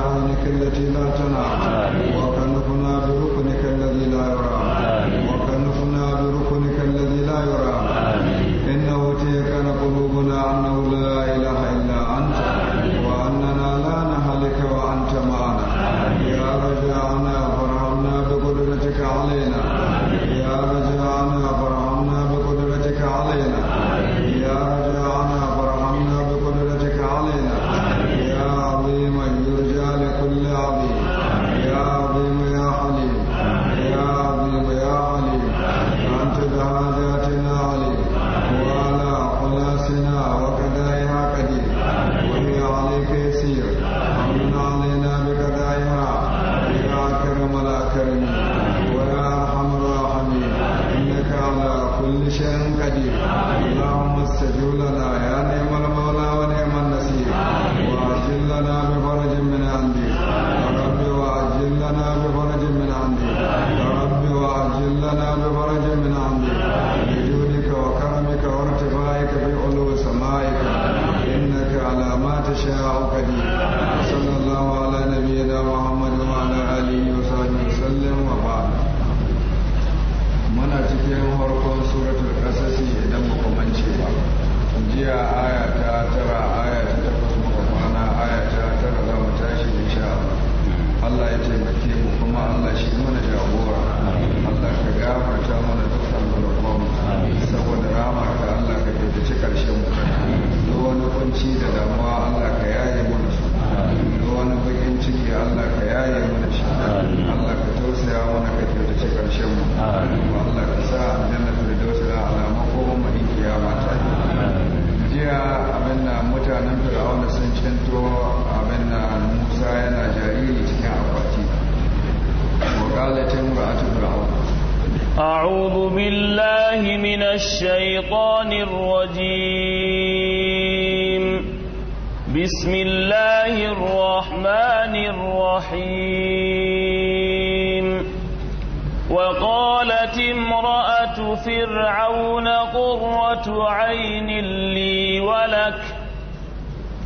بعونك التي لا تنام وكنفنا بركنك الذي لا يرام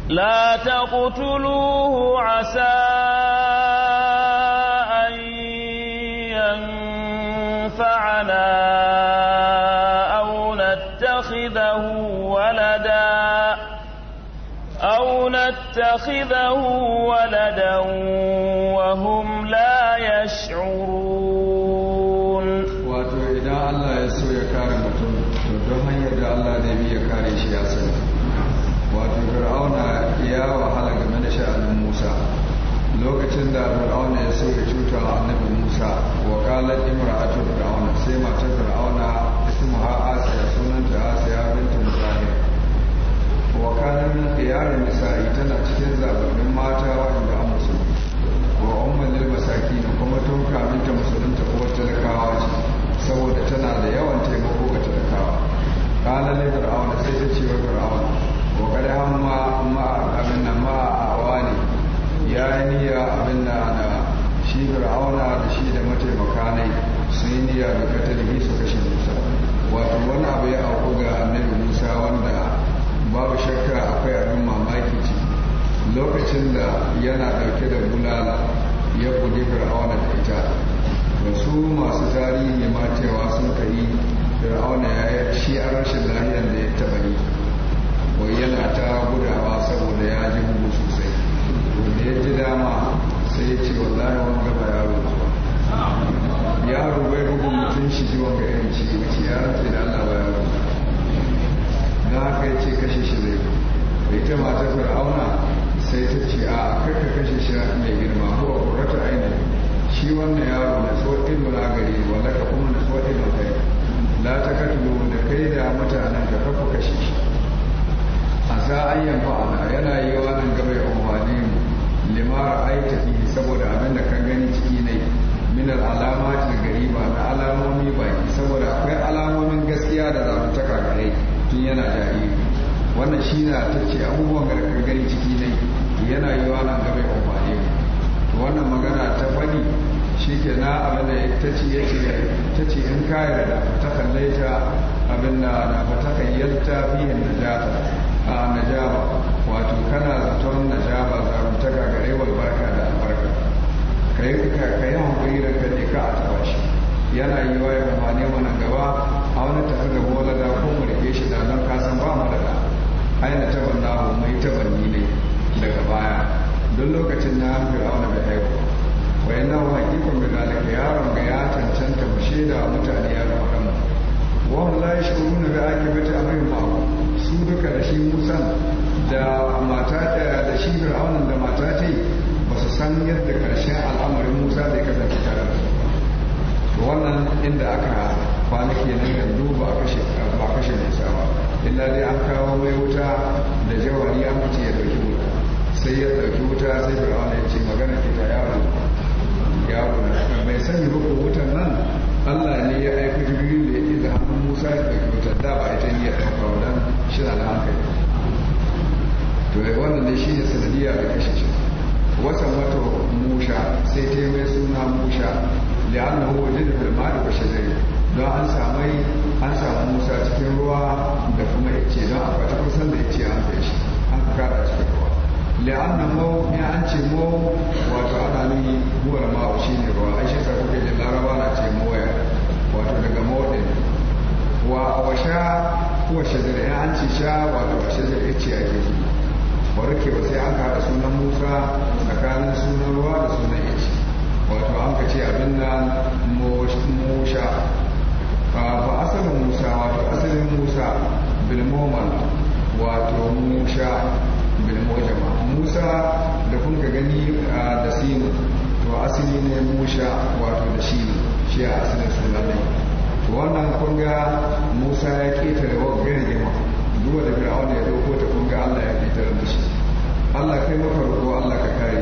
لا تقتلوه عسى أن ينفعنا أو نتخذه ولدا أو نتخذه ولدا وهم inda fir'auna ya sai ya cuta wa annabi musa wa kalar imra'atu fir'auna sai matar fir'auna ismuha asiya sunanta asiya bintu muzahir wa kanar min qiyarin nisa'i tana cikin zababbin mata wa'anda an musulmi wa umman lil masakin kuma tun kamin ta musulunta kuma talakawa ce saboda tana da yawan taimako ga talakawa kala ne fir'auna sai ta ce wa fir'auna wa kada hamma ma abin nan ma awani ya yi niyya abin shi fir'auna da shi da mataimaka ne sun yi niyya da da su kashe musa wato wani abu ya auku ga annabi musa wanda babu shakka akwai abin mamaki ci lokacin da yana dauke da bulala ya buɗe fir'auna da ita wasu masu tarihi ma cewa sun kai fir'auna ya yi shi a rashin lahiyar da ya taba yi wai yana ta gudawa saboda ya ji bugu sosai wanda ya ji dama sai ya ce wallahi wanga ba yaro ba yaro bai bugun mutum shi ji wanga irin shi ya ce da Allah ba yaro na haka ya ce kashe shi zai da ita mata fir'auna sai ta ce a kakka kashe shi mai girma ko a kurata aini shi wannan yaro na tsohon ilmi na gari wanda ka kuma na tsohon ilmi kai la ta katulu da kai da mutanen da kafa kashe shi a za a yi yana yi wa nan gaba ya umarni limara aita fi saboda abin da kan gani ciki ne min alama ta gari ba na alamomi baki saboda akwai alamomin gaskiya da zamu taka gare tun yana jariri wannan shi na ta ce abubuwan da kan gani ciki ne to yana yi wa nan gabe amfani to wannan magana ta fadi shi ke na abin da ta ce ya ce ta ce in ka da ta kalle ta abin da na fata kayyarta fiye najata a najaba wato kana zaton najaba zaruntaka ga rewar barka ka yi hankali da ka ka a taba shi yana yi wa ya amfani mana gaba a wani tafi da wala da ko mu rike shi da nan kasan ba mu da da aina taban na mu mai tabanni ne daga baya don lokacin na an wani bai haihu wayan nan hakikan bi zalika yaron ga ya cancanta mu shaida mutane ya zama kan wa hum la yashkuruna bata a amrin mako. su duka da shi musan da mata eh, da shi fir'auna da mata ta su san yadda karshe al'amarin musa zai kasance tare da su wannan inda aka kwana kenan yanzu ba a kashe mai sawa illa dai an kawo mai wuta da jawari an fice ya ɗauki wuta sai ya ɗauki wuta sai fir'aun ya ce magana ke ta yaro yaro mai sani ba wutan nan allah ne ya aiki jirgin da ya da hannun musa ya ɗauki wutan da ba ita ne ya kafa wadan shi na da hankali to wannan ne shi ne sanadiyar da kashe wata mata musha sai ta mai suna musha da an na hoji da filma da zai don an samai an samu musa cikin ruwa da kuma ce don a fata kusan da ce an kai shi an kada cikin ruwa la'anna mo ne an ce mo wato ana nuni buwar ma'u shi ne ruwa ai shi sa kuke da laraba na ce moya wato daga mawaɗin wa a washa ko shazira an ce sha wato a ya ce ake zuwa barke ba sai an kara sunan musa tsakanin sunan ruwa da sunan ice wato an ka ce abin da musha ba asalin musa wato asalin musa bilmoman wato musha bilmojama musa da kun ka gani da sinu to asali ne musha wato da shi shi a asalin sunan ne wannan kun ga musa ya ƙetare wa gari duwa da fir'auna ya dauko ta kun ga Allah ya fitar da shi Allah kai maka Allah ka kare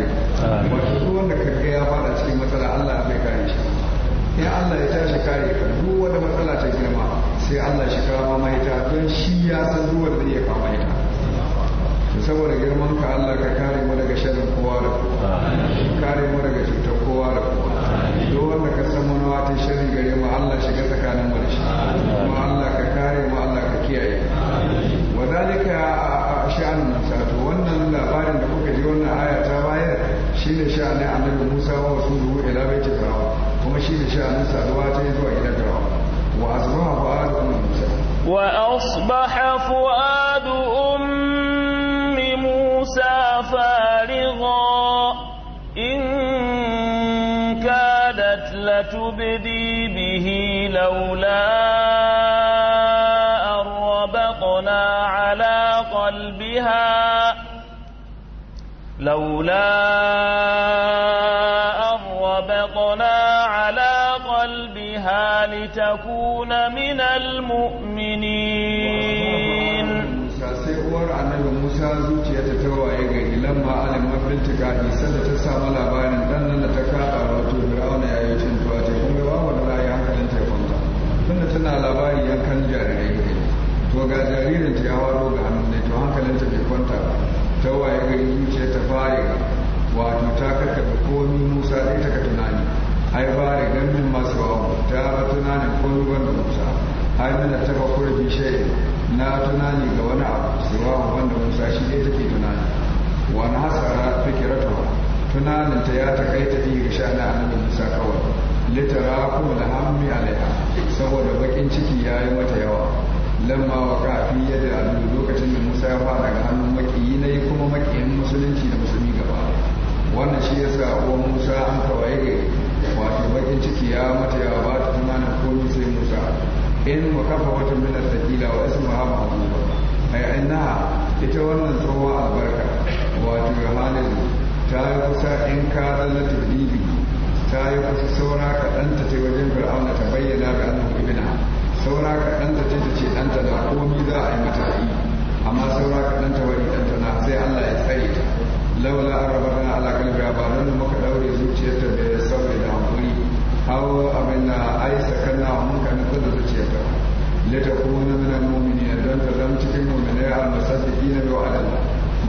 wato duk wanda ka ga ya fada cikin matsala Allah bai kare shi ya Allah ya tashi kare ka duk wanda matsala ta girma sai Allah shi kama mai ta don shi ya san duk wanda zai kama mai ta saboda girman ka Allah ka kare mu daga sharrin kowa da kowa kare mu daga cutar kowa da kowa duk wanda ka san manawa ta sharri gare mu Allah shiga tsakanin tsakanin saduwa ta zuwa idagarwa wa asbaha fu'adu ummi musa wa asbaha fu'adu ummi musa farigha in kadat latubdi ko ruwan da musa har da ta ba na tunani ga wani abu sewa wanda musa shi ne take tunani wani hasara fikiratuwa tunanin ta ya takaita iya ga na annabi musa kawai litara kuma da hammi alaiha saboda bakin ciki ya yi mata yawa lamma wa kafi yadda abu lokacin da musa ya fara ga hannun makiyi na yi kuma makiyin musulunci da musulmi gaba wannan shi yasa uwan musa an kawai wato bakin ciki ya mata yawa ba ta tunanin komi sai musa in ba kafa wata milar kila wa ismu ha ba ai na ita wannan tsohuwa albarka wato yohanin ta yi kusa in ka lallata bibi ta yi kusa saura kaɗan ta ce wajen fir'auna ta bayyana ga annan ibina saura kaɗan ta ce ta ce ɗanta da komi za a yi mata yi amma saura kaɗan ta wani ɗanta na sai allah ya tsare ta laula an rabata na alaƙar gaba da muka ɗaure zuciyarta da hau abin a yi sakanna wa mun kan kudu zuciya ta lita kuma na mumini don ta zama cikin mumini a ina na biyu adalla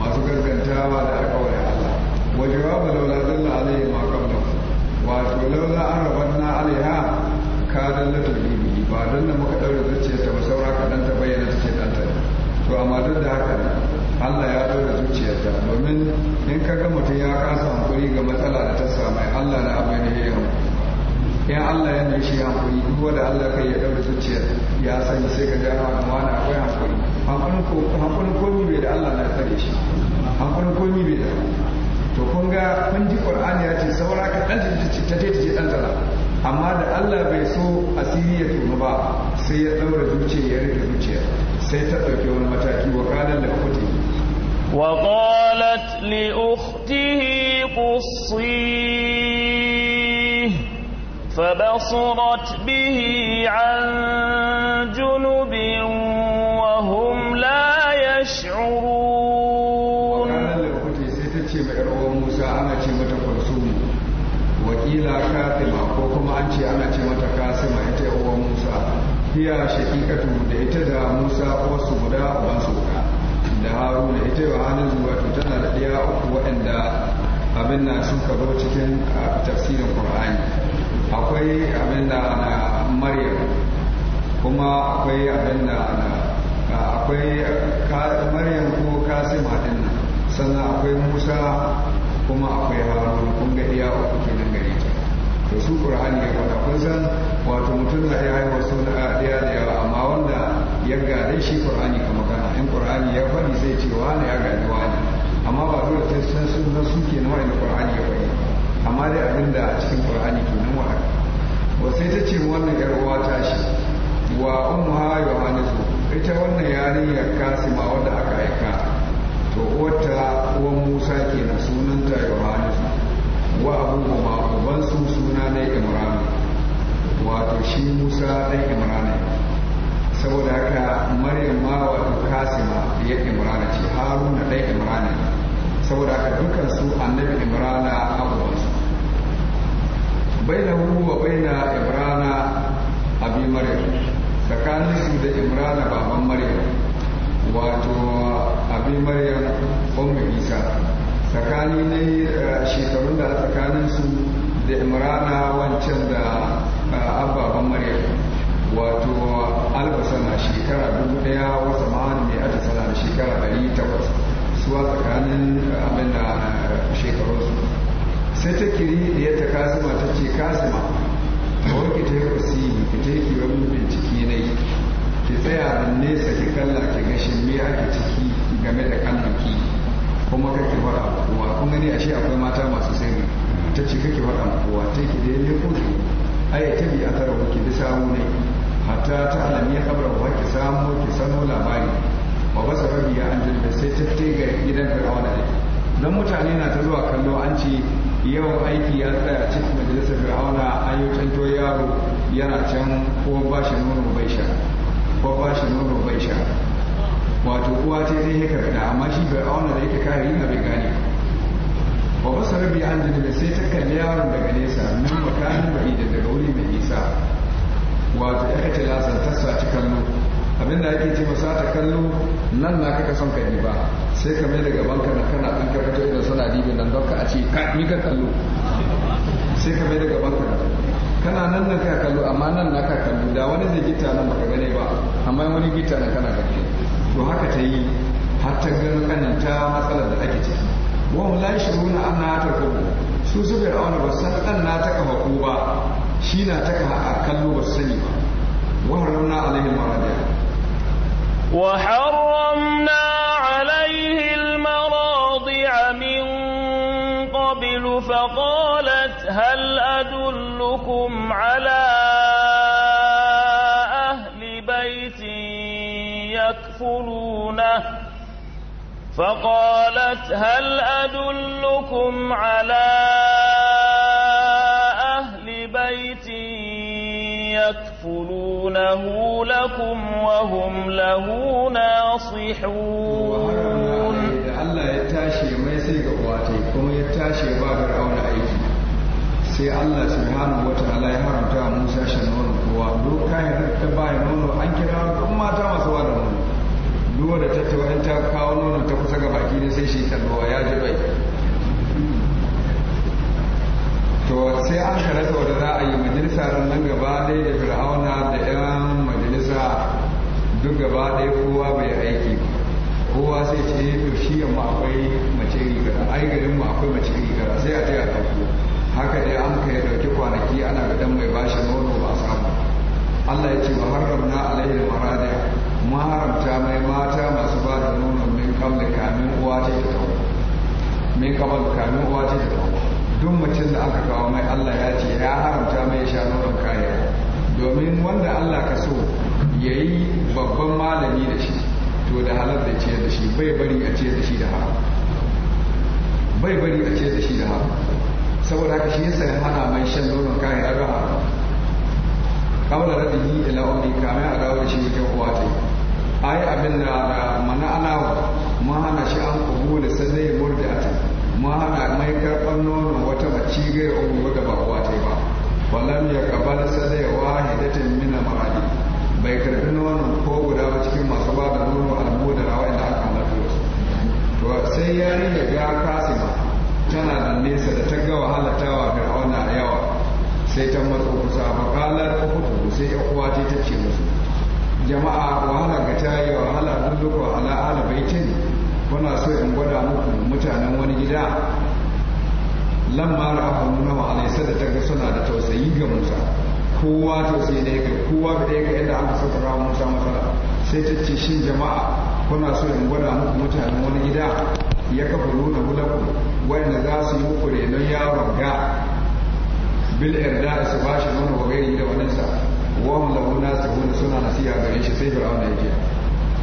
masu gargantawa da aka wani Allah wa jawabu laula dalla alaihi ma qabla wato laula an na alaiha ka dalla ta bibi ba dan da muka daure zuciya ta ba saura kadan ta bayyana take dan ta to amma duk da haka Allah ya daure zuciyarta domin in ka ga mutum ya kasa hankuri ga matsala da ta samu Allah na abin da ya yi in Allah ya mai shi hankuri duk da Allah kai ya daura zuciya ya sani sai ka gano amma na akwai hankuri hankulin komi bai da Allah na tare shi hankulin komi bai da to kun ga kun ji Qur'ani ya ce saura ka dan ta ce ta ce dan tsala amma da Allah bai so asiri ya tuma ba sai ya daura zuciya ya rike zuciya sai ta dauke wani mataki wa kalan da kuti وقالت لأخته قصي فبصرت به عن جنب وهم لا يشعرون wakila katima ko kuma an ce ana ce mata kasima ita uwa musa hiya shakikatu da ita da musa wasu guda uban su da haruna ita yohanin zuwa tana da ɗaya uku waɗanda abin na sun karo cikin tafsirin qur'ani akwai abin da na maryam kuma akwai abin da na akwai maryam ko kasima din nan sannan akwai musa kuma akwai harun kun ga iya uku kenan gare ta to su qur'ani ya faɗa kun san wato mutum na iya haihuwa suna ɗaya da yawa amma wanda ya gane shi qur'ani ka magana in qur'ani ya faɗi sai ce wani ya wa wani amma ba dole sai sun san su kenan wani qur'ani ya faɗi amma dai abin da a cikin ke kenan wa ba sai ta ce wannan yar ta shi wa ummuha yohanisu ita wannan yarinyar kasima wadda aka aika to wata uwan musa kenan sunanta yohanisu wa abubu ma uban su suna na imran wato shi musa ɗan imran saboda haka maryam ma wato kasima ya imran ce haruna ɗan imran saboda haka dukansu annabi imran su bainahu wa baina ibrana abi maryam tsakanin su da ibrana baban maryam wato abi maryam ummu isa tsakani ne eh, shekarun da tsakanin su da imrana wancan da eh, ababan maryam wato albasa shekara dubu daya wasa ma'ani mai ata sana da shekara dari takwas suwa sai ta kiri da ta kasima ta ce kasima ta wanke ta yi kwasi ki ta yi wani na yi ki tsaya da nesa ki kalla ki gashin mai ake ciki game da duki kuma ka kake kuwa? kowa kun gani ashe akwai mata masu sirri ta ce ka ki fara kowa ta ki da yalle ko ki ai ta bi aka rabu ki samu ne hatta ta alami ya kabra wa ki samu ki samu labari ba basa rabi ya an sai ta tega gidan fir'auna don mutane na ta zuwa kallo an ce yawan aiki ya tsaya cikin majalisar fir'auna an yi canto yaro yana can ko ba shi nono bai sha ko ba shi nono bai sha wato uwa ce zai yaka fita amma shi fir'auna da yake kare yana bai gane ba ba su rabi an jini sai ta kalli yaron daga nesa nan makamin ba'i da daga wuri mai nisa wato ya kace lasa tasa cikin nono abin da ake ce masa ta kallo nan na kaka son kai ba sai ka mai daga banka na kana ɗan ka fito idan suna dibi nan don ka a ce ka ni ka kallo sai ka mai daga banka na kana nan na ka kallo amma nan na ka kallo da wani zai gita nan baka gane ba amma wani gita nan kana kake to haka ta yi har ta gano kananta matsalar da ake ciki na an na ta tarkubu su su fir'auna ba san dan na ta kafa ko ba shi na ta kafa a kallo ba su sani ba wa rauna alaihi maradiya وحرمنا عليه المراضع من قبل فقالت هل أدلكم على أهل بيت يكفلونه فقالت هل أدلكم على أهل بيت يكفلونه يَكْتُمُونَهُ لَكُمْ وَهُمْ لَهُ نَاصِحُونَ Allah ya tashi mai sai ga uwatai kuma ya tashi ba Fir'auna aiki sai Allah subhanahu wataala ya haramta wa Musa shan nono kowa duk kayan ta bayan nono an kira duk mata masu wa nono duk wanda ta ta kawo nono ta kusa ga baki ne sai shi kalmawa ya to sai an za a yi ran nan gaba ɗaya da Fir'auna duk gaba ɗaya kowa bai aiki kowa sai ce eh, to shi yamma akwai mace rigara ai garin mu akwai mace rigara sai a ce a ɗauko haka dai an kai ɗauki kwanaki ana ga dan mai bashi nono ba a samu Allah ya ce wa haramna alaihi maradiya mu haramta mai mata masu ba da nono min kamar kamin uwa ce ta kawo min kamar kamin uwa ce ta kawo duk macin da aka kawo mai Allah ya ce ya haramta mai sha nono kariya domin wanda Allah ka so ya yi babban malami da shi to da halar da ciyar da shi bai bari a ciyar da shi da haram bai bari a ciyar da shi da haram saboda haka shi ya sayi hana mai shan nonon kayan araha kawai da yi da umri kamar a shi da shi wajen uwa ta yi abin da mana ana mun hana shi an kubu da sannan ya murda ta mun hana mai karɓar nonon wata mace gai umri wadda ba uwa ta ba wallan ya kabala sannan ya wahidatin mina mara bai karbi wannan ko guda ba cikin masu ba da nono alamu da rawa inda aka mafi wasu to sai ya ya ga ba tana da nesa da ta ga wahala ta wa fir'auna yawa sai ta matsa kusa ba kalar uku sai ya ce ta ce musu jama'a wahala ga ta yi wahala duk ala ala baitin kuna so in gwada muku mutanen wani gida lamma ra'ahu nawa alaysa da ta ga suna da tausayi ga Musa kowa to sai da yake kowa da yake yadda aka sassara wa Musa masala sai ta ce shin jama'a kuna so in gwada muku mutanen wani gida ya kafa nuna hulaku wanda za su yi muku renon yaron ga bil irda su ba shi nuna wa gairi da wani sa wahum lahu nasihun suna nasiha gare shi sai fir'auna yake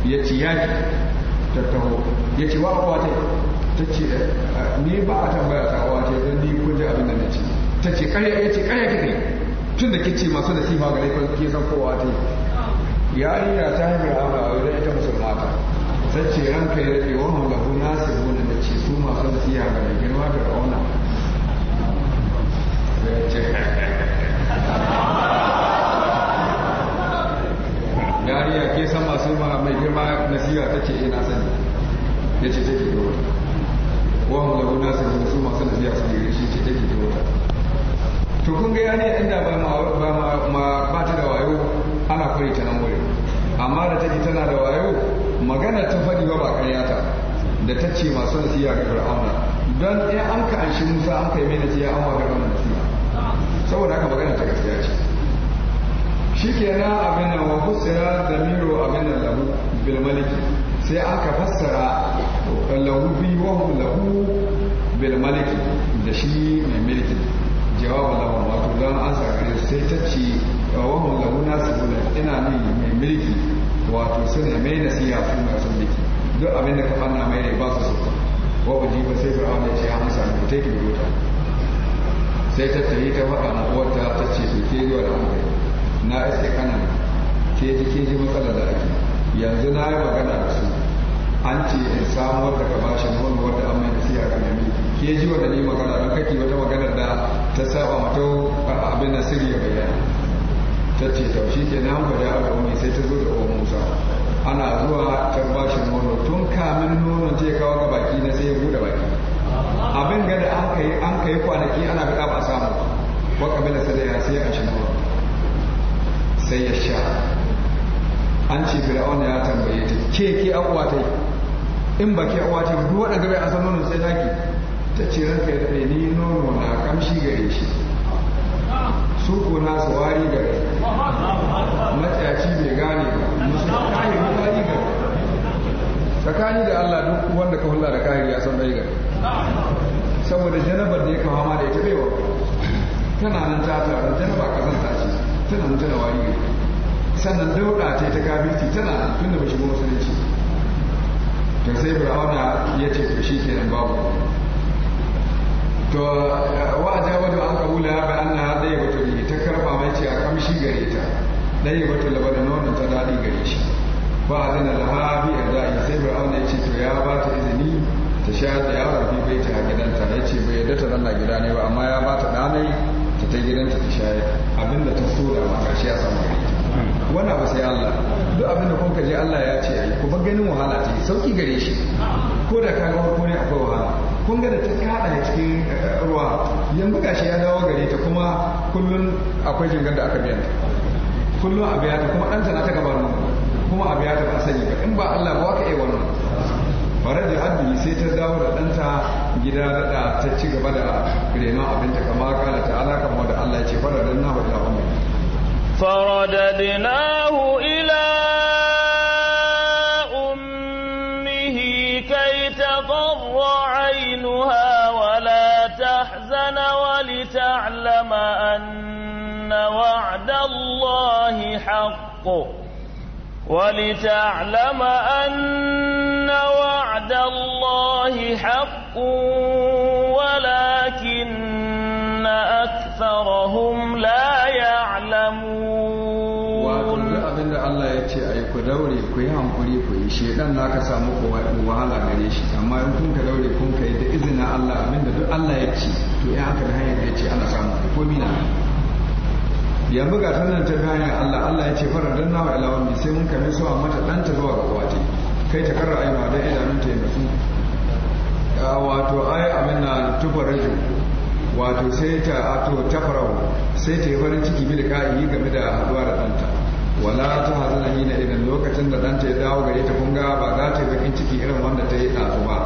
ya ci yaki ta taho ya ce wa abuwa ta ce eh, ni ba a tambaya ta abuwa ta don ni kun ji abin da na ci ta ce kare ya ce kare kike tun da kici masu nasifa ga laifin ke san kowa ta yi yarinya ta yi mai hama a wajen ita musulma ta sai ce ranka ya wani wannan lahu su wannan da ce su masu nasiha ga mai girma da rauna yarinya ke san masu mai girma nasiha ta ce ina eh, sani ya ce take da wata wannan lahu su wannan su masu nasiha su ne shi ce take da wata to kun ga inda ba ma da wayo ana koyi ta nan wuri amma da take tana da wayo magana ta faɗi ba ba da ta ce masu nasiya ga fir'auna don in an ka anshi musa an kai mai nasiha an wa na siya saboda haka magana ta gaskiya ce shi kenan abin nan wa fassara damiru abin da lahu bil maliki sai aka fassara lahu bi wa lahu bil maliki da shi mai mulki jawaba lawan wato don an sakare su sai ta ce wahun laguna su gula ina ne mai mulki wato ne mai nasiya su mai sun mulki duk abin da ka fanna mai rai ba su su wa ku jiba sai fir'auna ya ce ya amsa ne ta ki rota sai ta tafi ta faɗa na uwarta ta ce su ke zuwa da hankali na iske kana ke ji ke ji matsalar da ake yanzu na yi magana da su an ce in samuwar da ka bashi nono wadda an mai nasiya ga mai ke ji wa ne magana don kake wata magana da ta saba mato abin da sirri ya bayyana ta ce ta shi ke nan ba ga wani sai ta zo da uwan musa ana zuwa ta shi nono tun kamin nono ce kawo ga baki na sai ya bude baki abin ga da an kai an kai kwanaki ana ga ba samu wa kabila sadaya sai a shi nono sai ya sha an ce fir'auna ya tambaye ta ke ke abuwa ta yi in ba ke abuwa ta yi duk waɗanda bai a san nono sai zaki ta ce haka ya ni nono na kamshi gare shi su ko na sawari gare matsayaci bai gane ba musu kayi mutane gare tsakani da Allah duk wanda ka hula da kayan ya san ɗai gare saboda janabar da ya kama ma da ita bai tana nan ta taru janaba kasan ta ce tana nan tana wari gare sannan dauɗa ce ta kafirci tana nan tun da ba shigo musulunci to sai fir'auna ya ce to shi kenan babu to eh, wa ajabatu an qabula ba anna dai wato ne ta karba mai ce a kamshi gare ta dai wato labada nonon ta dadi gare shi ba a azana laha a adai sai auna ya ce to ya ba ta izini ta sha da yaron bi bai ta gidanta ya ce bai yadda ta zanna gida ne ba amma ya ba ta ɗanai ta ta gidanta ta sha abinda ta so da ma karshe ya samu gare ta wannan ba sai Allah duk abinda kun ka je Allah ya ce ku ba ganin wahala ce sauki gare shi ko da ka ga farko ne akwai wahala kun ga da ta kada cikin eh, ruwa yanzu shi ya dawo gare ta kuma kullum akwai jingar da aka biya ta kullum a biya ta kuma ɗan na ta gabanu kuma a biya ta ba sani ba in ba Allah ba waka iya wannan bare da abdi sai ta dawo da ɗanta gida da ta ci gaba da renon abinta kama kala ta ta'ala kamar da Allah ya ce fara da nahu ila ummi الحق ولتعلم أن وعد الله حق ولكن أكثرهم لا يعلمون وأقول أبن الله يتي أيكو دوري كي هم قريب شيطان ناكا ساموكو وحالا غريش أما يمكن كدوري كون كيد إذن الله أبن الله يتي تو إيه أكد هاي يتي أنا ساموكو فمينا yanzu ga tanan ta bayan Allah Allah ya ce don nawa ila wani sai mun kame su a mata dan ta zuwa ga ce kai ta karra ayyuka dan idanun ta yanzu wato ai abin na tufaraju wato sai ta ato ta farau sai ta yi farin ciki bi da ka'i game da haduwa da danta wala ta hazana yi na idan lokacin da danta ya dawo gare ta kunga ba za ta yi bakin ciki irin wanda ta yi ɗazu ba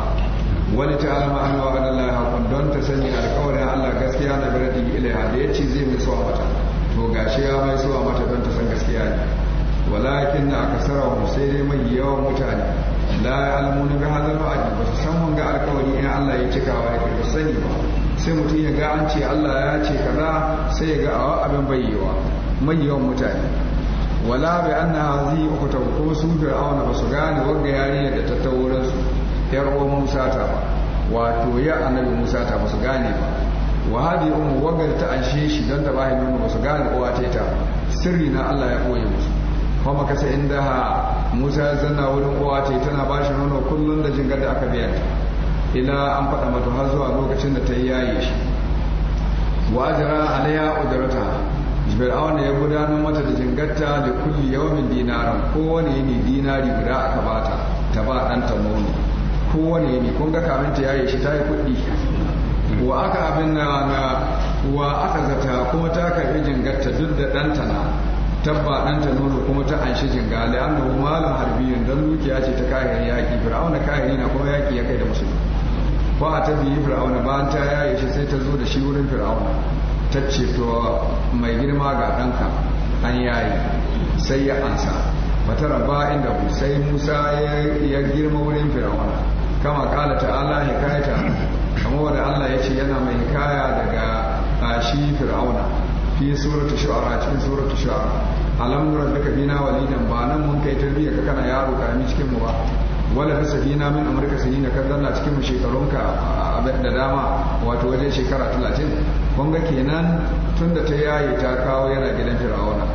wani ta alama an wa Allah hakun don ta sanya alkawarin Allah gaskiya na biradi ilaiha da ya ce zai mai so mata gashi ya mai suwa mata don ta gaskiya ne walakin na aka sarawa mu sai dai mai yawan mutane la ya almuni ga hadar wa'adi ba su san ga alkawari in Allah ya cikawa ya karbi sani ba sai mutum ya ga an ce Allah ya ce kaza sai ya ga awa abin bayyewa mai yawan mutane wala bi anna hazi ukhta ko su auna ba su gane wanga da ta su yar Musa ba wato ya annabi Musa ta ba su gane ba wa hadi ummu wagar ta anshe shi dan da bai nuna su gane uwa ta sirri na Allah ya koye musu kuma kasa inda Musa ya zanna wurin uwa ta tana ba shi nono kullum da jingar da aka biya ta ila an faɗa mata har zuwa lokacin da ta yi yaye shi wa alaya alaiha jibir fir'auna ya gudanar mata da ta da kulli yawmin dinaran kowane ne dinari guda aka bata ta ba dan ta nono kowane ne kun ga kamin ta yaye shi ta yi kuɗi wa aka abin na wa aka zata kuma ta karbi jingarta duk da ɗanta na tabba ɗanta nono kuma ta anshi jinga da an dubu malam harbi don dukiya ce ta kayan yaƙi fir'auna kayan na kuma yaƙi ya kai da musulmi ba a tabi fir'auna bayan ta yaye shi sai ta zo da shi wurin fir'auna ta ce to mai girma ga ɗanka an yaye sai ya ansa bata raba inda sai musa ya girma wurin fir'auna kama kala ta'ala ta. kamar Allah ya ce yana mai kaya daga shi fir'auna fi suratul shu'ara cikin suratul shu'ara alam nurabbika fina walidan ba nan mun kai tarbiyya ka kana yaro mi cikin mu ba wala hasabina min amurka sinina kan zanna cikin mu shekarunka da dama wato wajen shekara 30 kun ga kenan tunda ta yaye ta kawo yana gidan fir'auna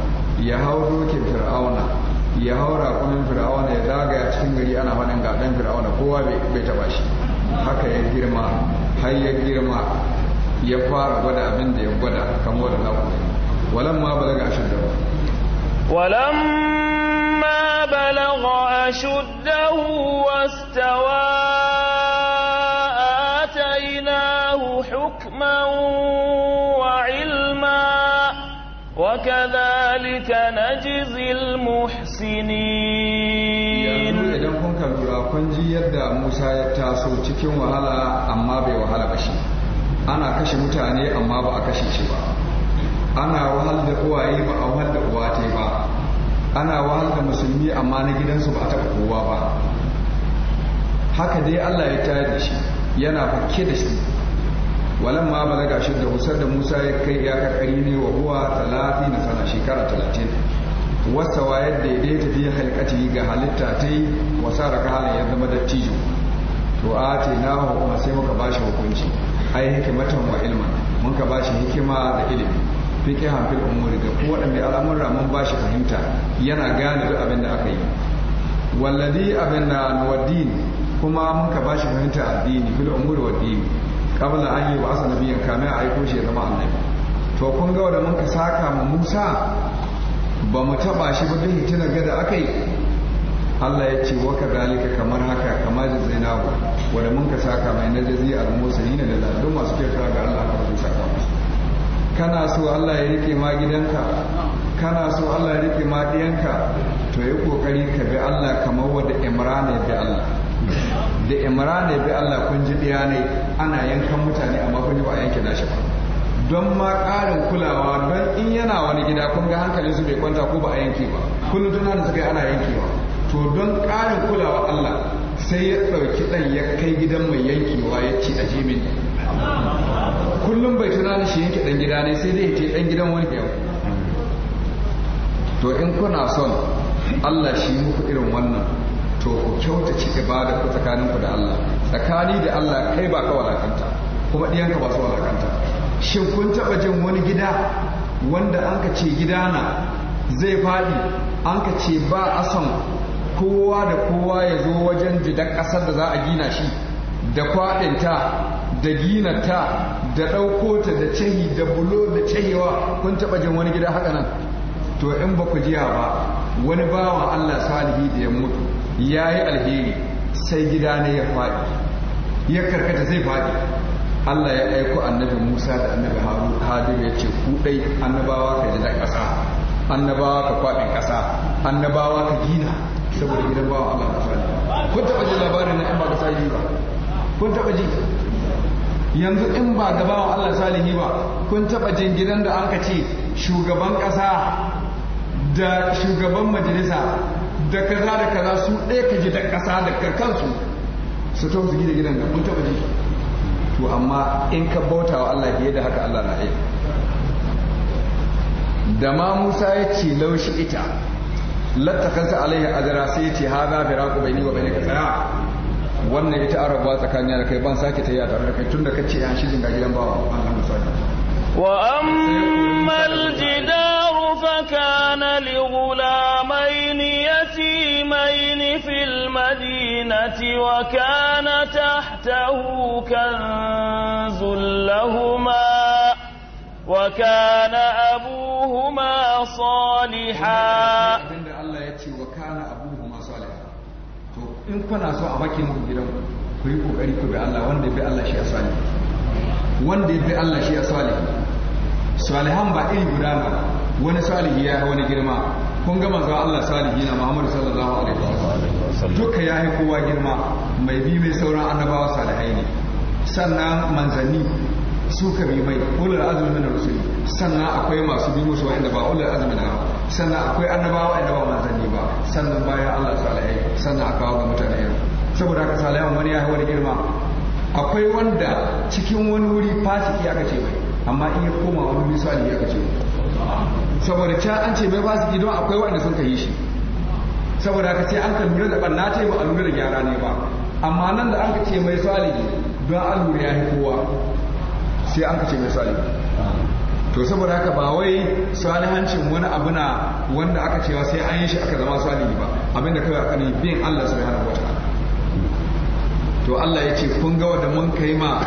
ya hau dokin fir'auna ya haura kunin fir'auna ya zagaya cikin gari ana faɗin ga dan fir'auna kowa bai taba shi haka ya girma har ya girma ya fara gwada abin da ya gwada kamar da na kuma walamma balaga ashuddahu walamma balaga ashuddahu wastawa atainahu hukman wa ilma wa وكذلك نجزي muhsinin yadda musa ya taso cikin wahala amma bai wahala ba shi ana kashe mutane amma ba a kashe shi ba ana wahal da uwaye ba a wahal da uwatai ba ana wahal da musulmi amma na gidansu ba a taɓa kowa ba haka dai allah ya tayar da shi yana fakke da shi walan ma balaga shi da musar da musa ya kai ya karkari ne wa huwa talafi na sana shekara talatin wasa wa yadda ya tafi halkati ga halitta ta yi wasa raka halin ya zama dattijo to a ce na hukuma sai muka ba shi hukunci ai hikimatan wa ilma mun ka ba shi hikima da ilimi fiƙe hamfil umuri ga kowaɗanne alamun mun ba shi fahimta yana gane duk abin da aka yi walladi abin da nuwaddini kuma mun ka ba shi fahimta addini fil umuri wa dini kabla an yi wa asa kame kamin a aiko shi ya zama annabi to kun ga wanda mun ka saka ma musa ba mu taba shi ba duk hitina ga da aka yi Allah ya ce waka dalika kamar haka kamar da zainabu wanda mun ka saka mai na jazi al musulina da duk masu kyauta ga Allah ka rubuta saka kana so Allah ya rike ma gidanka kana so Allah ya rike ma diyanka to yi kokari ka bi Allah kamar wanda Imran ya bi Allah da Imran ya bi Allah kun ji diya ne ana yankan mutane amma kun ji ba yanke nashi ba don ma ƙarin kulawa don in yana wani gida kun ga hankalin su bai kwanta ko ba a yanke ba kullum tunan da suka ana yankewa to don ƙarin kulawa Allah sai ya ɗauki ɗan ya kai gidan mai yankewa ya ci a jimin kullum bai tunan shi yanke ɗan gida ne sai dai ya ce ɗan gidan wani yau to in kuna son Allah shi muku irin wannan to ku kyauta kyautace ibada ku tsakaninku da Allah tsakani da Allah kai ba ka walakanta kuma ɗiyanka ba su walakanta shin kun taba jin wani gida wanda an ka ce gida na zai faɗi an ka ce ba a son kowa da kowa ya zo wajen jidan ƙasar da za a gina shi da kwaɗinta da ginata da ɗaukota da cehi da bulo da cahewa kun taɓa jin wani gida haka nan to in ba ku jiya ba wani bawan Allah salihi da ya mutu ya yi alheri sai gida ne ya faɗi ya karkata zai faɗi Allah ya aiko annabi Musa da annabi Harun Hadir ya ce ku dai annabawa ka jira da ƙasa annabawa ka kwaɓe ƙasa annabawa ka gina saboda gidan bawa Allah ka fara kun taɓa ji labarin na in ba ka salihi ba kun taɓa ji yanzu in ba ga bawa Allah salihi ba kun taɓa jin gidan da anka ce shugaban ƙasa da shugaban majalisa da kaza da kaza su ɗaya ka ji da ƙasa da kansu su tafi su gida gidan da kun taɓa ji to amma in ka bauta wa Allah fiye da haka Allah na yi da ma Musa ya ce laushi ita lattakansa alaihi azara sai ya ce hada firaqu ni wa bainaka tsaya wannan ita arabuwa tsakaniya da kai ban sake ta yi a tare da kai tun da kace an shirin gidan bawa Allah na sake wa ammal jidaru fa kana li ghulamaini yatim المدينة وكان تحته كنز لهما وكان أبوهما صالحا in kuna so a maki gidan ku yi kokari ku bi Allah wanda ya bi Allah shi ya sali wanda ya bi Allah shi ya sali salihan ba iri guda ba wani salihi ya wani girma kun ga manzo Allah salihi na Muhammad sallallahu alaihi wasallam duka ya yi kowa girma mai bi mai sauran annabawa salihai ne sannan manzanni su ka bi mai ulul azumi na rusul sannan akwai masu bi musu wa'anda ba ulul azumi na sannan akwai annabawa wa'anda ba manzanni ba sannan bayan Allah salihai sannan a kawo ga mutane yau saboda haka salihan wani ya yi wani girma akwai wanda cikin wani wuri fasiki aka ce mai amma in ya koma wani wuri Aliyu aka ce saboda can an ce mai fasiki don akwai wanda sun ka yi shi saboda ka ce an ka lura da banna ce ba a lura da gyara ne ba amma nan da an ka ce mai salihi don an lura ya kowa sai an ka ce mai salihi to saboda haka ba wai salihancin wani abu na wanda aka cewa sai an yi shi aka zama salihi ba abinda kawai aka ne bin Allah su hana wata to Allah ya ce kun ga wanda mun kai ma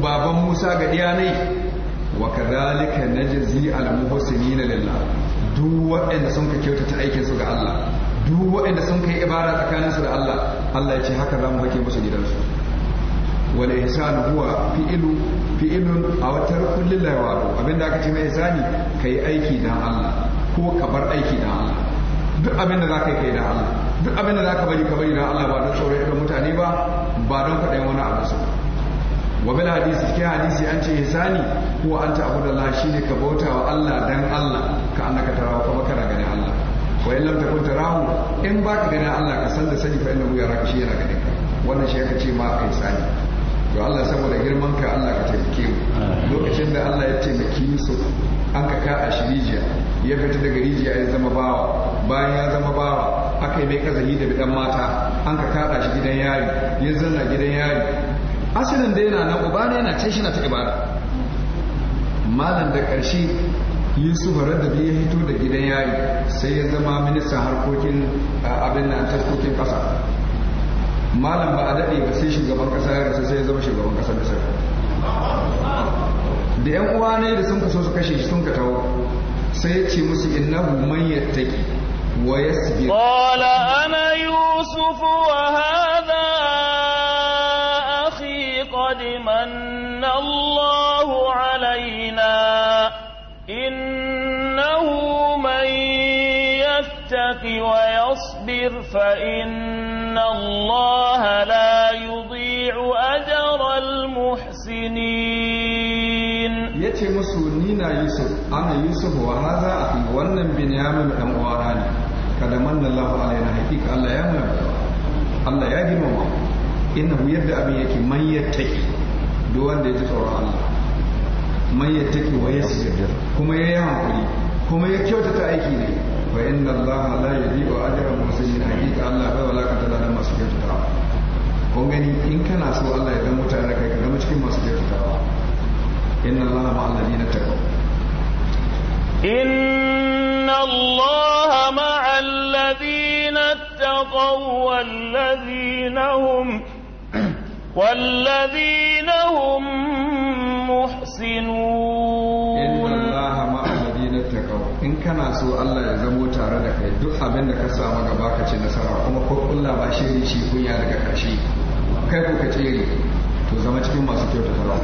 baban Musa ga iyanai wa kadhalika najzi al-muhsinina lillah duk waɗanda sun ka kyautata aikin su ga Allah duk waɗanda sun kai ibada tsakanin su da Allah Allah ya ce haka za mu bake musu gidansu wal ihsanu huwa fi'lu fi'lun aw tarkun lillahi wa abinda aka ce mai ihsani kai aiki dan Allah ko ka bar aiki dan Allah duk abinda za ka yi kai dan Allah duk abinda za ka bari ka bari dan Allah ba don tsoron mutane ba ba don kaɗai wani abu su ba wa bil hadisi cikin hadisi an ce ihsani ko an ta'budu Allah ne ka bauta wa Allah dan Allah ka annaka tarawa kuma kana ganin Allah ko yallan ta takun tarahu in baka ganin Allah ka san da sani fa innahu yaraka shi yana ganin ka wannan shi aka ce ma ihsani to Allah saboda girman ka Allah ka taimake mu lokacin da Allah ya taimaki su an ka ka a shirijiya ya fita daga rijiya ya zama bawa bayan ya zama bawa aka yi mai kazahi da bidan mata an ka kaɗa shi gidan yari ya zanna gidan yari asirin da yana nan uba ne yana can shi na ta ibada malam da ƙarshe yusuf da ya hito da gidan yayi sai ya zama ministan harkokin abin nan tarkokin ƙasa malam ba a daɗe ba sai shugaban ƙasa ya rasu sai ya zama shugaban ƙasar misir da yan uwa ne da sun kaso su kashe shi sun ka tawo sai ya ce musu innahu man yattaqi wa yasbir qala ana yusuf wa تصبر فإن الله لا يضيع أجر المحسنين yace musu ni Yusuf ana Yusuf wa hadha akhi wannan Binyamin dan uwana ne kada manna Allahu alaina hakika Allah ya mana Allah ya girmama yadda abin yake man yattaki duk wanda ya ji tsoron Allah kuma kuma ya kyautata aiki ne wa inna Allah la yudhi'u ajra muhsinin hakika Allah wala walakanta da masu kyautatawa kun gani in kana so Allah ya ga mutane kai ka zama cikin masu kyautatawa inna Allah ma ladina taqaw inna Allah ma'al ladina taqaw wal hum والذين هم محسنون إن الله مع kana so Allah ya zamo tare da kai duk abin da ka samu gaba ka ci nasara kuma ko kulla ba shiri shi kunya daga karshe kai ko ka tsere to zama cikin masu kyautatawa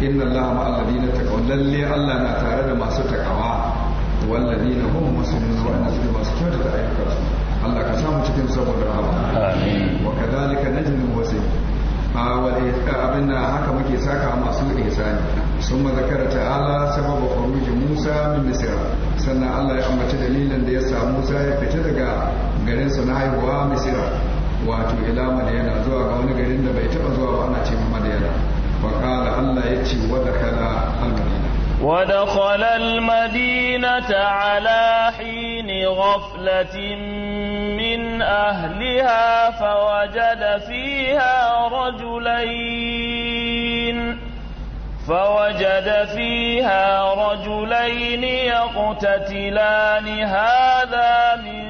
inna Allah ma alladina taqaw lalle Allah na tare da masu takawa walladina hum muslimun wa cikin masu kyautata ayyukansu Allah ka samu cikin saboda rahama amin wa kadhalika najmu wani eh, abin da haka muke saka masu ihsani sun mazakara ta'ala sababa kwaruji musa min misira sannan Allah ya ambaci dalilin da ya samu Musa ya fita daga garin sa na haihuwa Misira wato ila Madiyana zuwa ga wani garin da bai taba zuwa ba ana ce Madiyana wa qala Allah ya ce wa dakala al-Madina wa dakala al-Madinata ala hin ghaflatin min ahliha fawajada fiha rajulayn فوجد فيها رجلين يقتتلان هذا من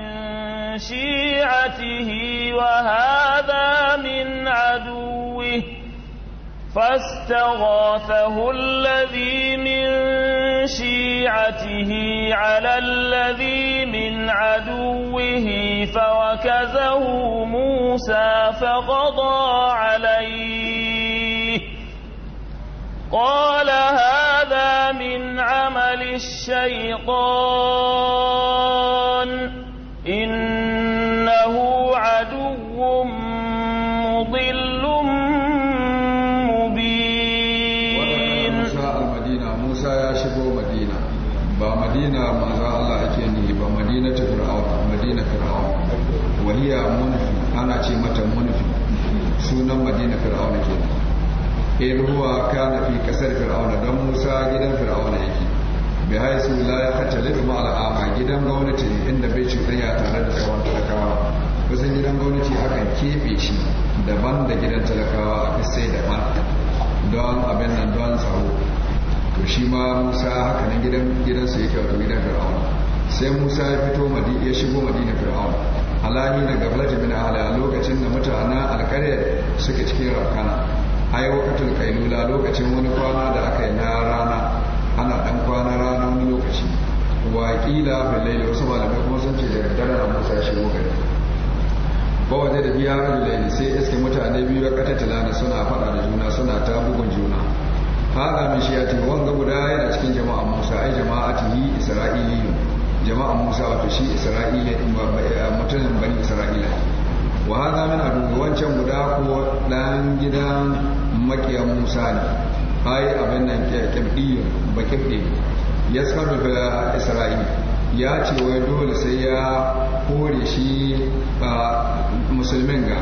شيعته وهذا من عدوه فاستغاثه الذي من شيعته على الذي من عدوه فوكزه موسى فقضى عليه قال هذا من عمل الشيطان إنه عدو مضل مبين موسى يا شبو مدينة با مدينة ما زاء الله أكيني با مدينة فرعون مدينة فرعون وهي منفي أنا أتي متى منفي سونا مدينة فرعون in huwa kana fi kasar fir'auna don musa gidan fir'auna yake bi haisu la ya da ma al'ama gidan gwamnati inda bai cuɗanya tare da sauran talakawa kusan gidan gwamnati akan keɓe shi daban da gidan talakawa a sai daban don abin nan don tsaro to shi ma musa haka nan gidan gidansu yake wato gidan fir'auna sai musa ya fito ya shigo madina fir'auna alayi na gablati min ala lokacin da mutanen alkarya suke cikin rakana ai wakatul kailula lokacin wani kwana da aka yi na rana ana dan kwana rana wani lokaci waƙila laili wasu malamai kuma sun ce daga dare na musa shi gari ba waje da biya laili sai iske mutane biyu ya katatilana suna faɗa da juna suna ta bugun juna haɗa min shi ya ce wanga guda yana cikin jama'a musa ai jama'a ta yi isra'iliyu jama'a musa wato shi isra'ila eh, mutumin bani isra'ila wa hada min abu wancan guda ko dan gidan makiyan musa ne ai abin nan ke kibdiyun ba ya sabu da isra'ila ya ce wai dole sai ya kore shi musulmin ga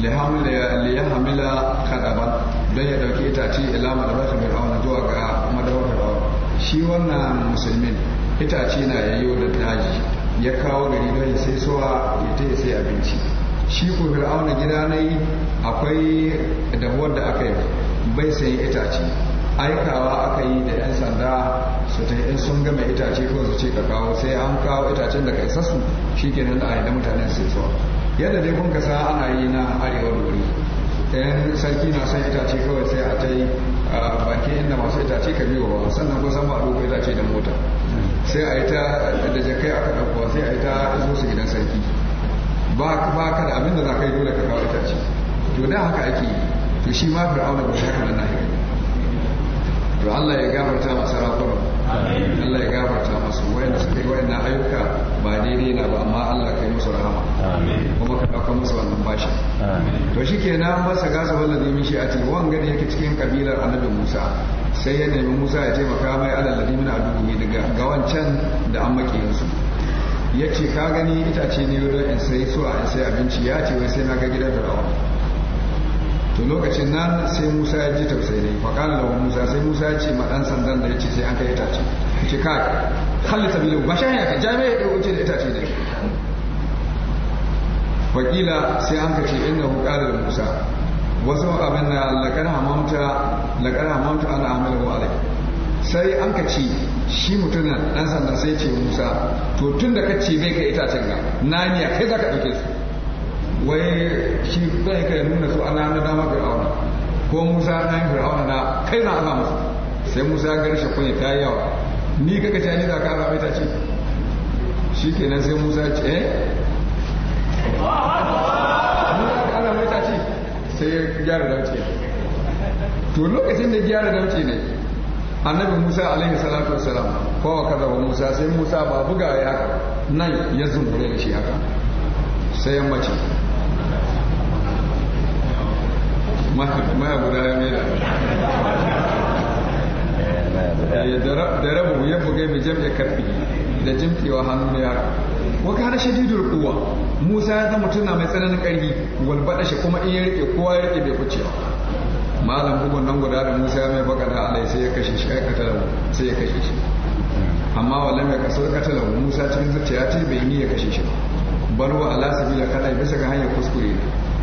lihamila kadaban don ya ɗauki itace ila madabar fir'auna zuwa ga madabar fir'auna shi wannan musulmin itace na yayyo da daji ya kawo gari don ya ya ta sai abinci shi ko fir'auna gida yi akwai dahuwar da aka yi bai sayi itace aikawa aka yi da 'yan sanda su ta in sun gama itace ko su ce ka kawo sai an kawo itacen da kai sassu shi ke nan da a mutanen sai tsawon yadda dai kun kasa ana yi na arewa wuri yan sarki na son itace kawai sai a ta yi baki inda masu itace ka biyo ba sannan ko san ba a itace da mota sai a yi ta da jakai aka ɗauko sai a yi ta zo su gidan sarki ba ka da abin da za ka yi dole ka kawo itace to da haka ake yi to shi ma fir'auna ba ta nan nahi to Allah ya gafarta masa rafuran Allah ya gafarta masu wayanda suka yi na ayyuka ba daidai na ba amma Allah ka yi musu rahama kuma ka dauka musu wannan bashi to shi shikenan masa gasa shi a cikin wanga da yake cikin kabilar annabi Musa sai ya nemi Musa ya taimaka mai alal ladina adubi daga ga wancan da an makiyinsu ya ce ka gani itace ne don in sai suwa in sai abinci ya ce wai sai na ga gidan fir'auna to lokacin nan sai musa ya ji tausayi ne fa kana musa sai musa ya ce ma dan sandan da ya ce sai an kai itace ya ce ka halitta sabilu ba shan ya jami'a ya ɗauke da itace ne wakila sai an kace inna hu qala musa wasu abin na laqad hamamta hamamta an amalu alai sai an kace shi mutumin ɗan sanda sai ce musa to tun da kacce bai ka itacen ga na niya kai za ka ɗauke su wai shi bai ka nuna su ana na dama fir'auna ko musa na yin fir'auna na kai na ana musu sai musa ya gari kunya ta yi yawa ni kaka ce ni za ka ita ce shi kenan sai musa ce eh sai ya gyara dauce to lokacin da gyara dauce ne annabi musa alaihi salatu wasalam kowa kaza wa musa sai musa ba buga ya haka nan ya zumbure da shi haka sai yan mace maya guda ya mera eh, da rabu ya bugai mai jam'e karfi da jimkewa hannu ya wa kana shadidul quwa musa ya zama tuna mai tsananin karfi walbada shi kuma in ya rike kowa ya rike bai kucewa malam bugun nan guda da musa ya mai baka da alai sai ya kashe shi kata da sai ya kashe shi amma wala mai kata katala musa cikin zuciya ce bai ni ya kashe shi ba bal wa ala sabila kada bisa ga hanyar kuskure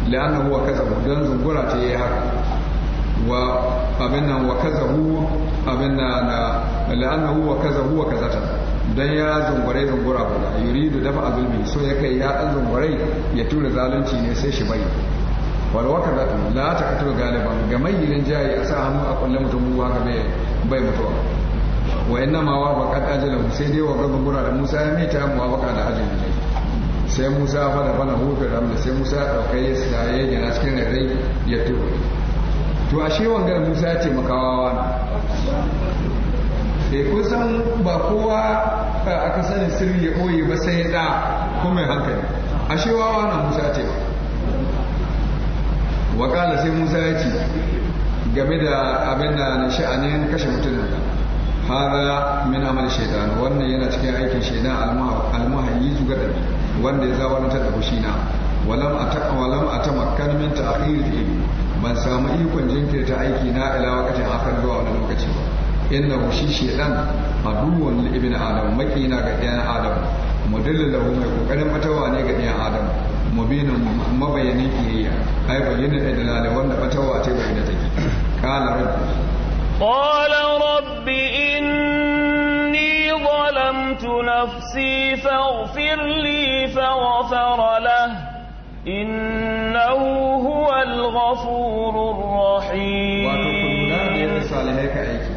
la'anna huwa kazabu dan zungura ta yayi haka wa abin nan wa kazabu abin nan la'anna huwa kazabu wa kazata dan ya zungure zungura ba yuridu dafa azulmi so ya kai ya zungure ya tura zalunci ne sai shi bai wal wakada la ta katu galiban ga mai jayi a sa hannu a kulle mutum ruwa ga bai bai mutuwa wa inna ma wa ba kad ajala sai dai wa gaba gura da Musa ya mita ta mu ba da ajali ne sai Musa ya fada bana hufe amma sai Musa ya dauka ya saye cikin rai ya tuwo to ashe wangan Musa ya ce makawawa na eh kun san ba kowa eh, aka sani sirri ya koyi ba sai da kuma hankali ashe wawa na Musa ya ce ba wakala sai musa ya ce game da abin da na sha'anin kashe mutumin da hara min amal shaitan wannan yana cikin aikin shaitan yi zuga da wanda ya ta da na. walam a walam a tamakkan min ta'khir ban samu ikon jinkirta aiki na ila kacin akan zuwa wani lokaci ba na shi shaitan a li ibn adam makina ga ɗayan adam mudallin lahu mai kokarin matawa ne ga ɗayan adam mubinin mabayanin kiyayya ai bayyana da dalala wanda fatawa ta da take qala rabbi qala rabbi inni zalamtu nafsi faghfir li faghfara lahu innahu huwal ghafurur rahim wato kula da yin salihai ka aiki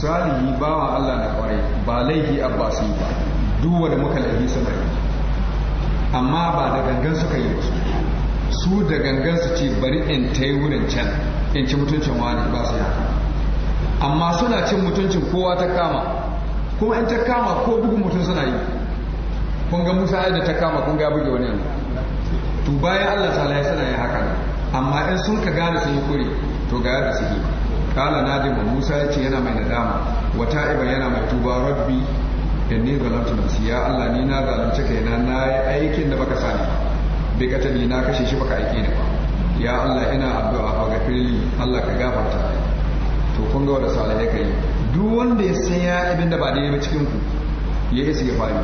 salihi bawa Allah na kwarai ba laifi abbasu ba duk wanda muka laifi sama amma ba da gangan suka yi su da gangan su ce bari in ta yi wurin can in ci mutuncin wani ba su yaka amma suna cin mutuncin kowa ta kama kuma in ta kama ko bugun mutum suna yi kun ga musa da ta kama kun ga buge wani yanzu to bayan allah ta laye suna yi haka amma in sun ka gane sun yi kuri to ga yadda yi kala nadimu musa ya ce yana mai nadama wata iba yana mai tuba rabbi inni zalamtu nafsi ya Allah ni na zalunci kaina na yi aikin da baka sani bika bai ka na kashe shi baka aike ni ba ya Allah ina addu'a fa gafirli Allah ka gafarta to kun ga wanda salihai kai duk wanda ya san ya abin da ba da yayi cikin ku ya isa ya fari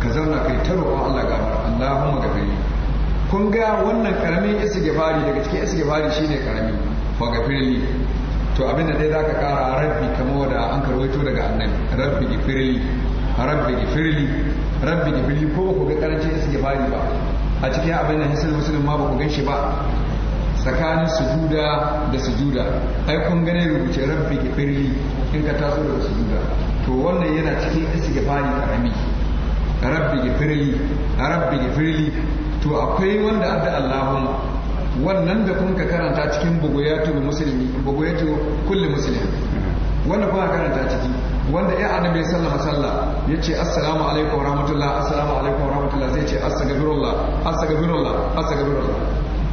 ka zauna kai ta roƙon Allah gafara Allahumma gafirli kun ga wannan karamin isa fari daga cikin isa shi shine karami fa gafirli to abin da dai zaka kara rabbi kamar da an karwaito daga annabi rabbi gafirli rabbi firli rabbi firli ko ba ku ga karancin istighfari ba a cikin abin da hisul musulun ma ba ku ganshi ba tsakanin sujuda da sujuda ai kun gane rubuce rabbi firli in ka taso su sujuda to wannan yana cikin istighfari karami rabbi firli rabbi firli to akwai wanda adda Allahumma wannan da kun ka karanta cikin buguyatu musulmi bugoyatu kulli musulmi wannan ba karanta cikin. wanda ya annabi ya sallama salla ya ce assalamu alaikum wa rahmatullah assalamu alaikum wa rahmatullah zai ce astaghfirullah astaghfirullah astaghfirullah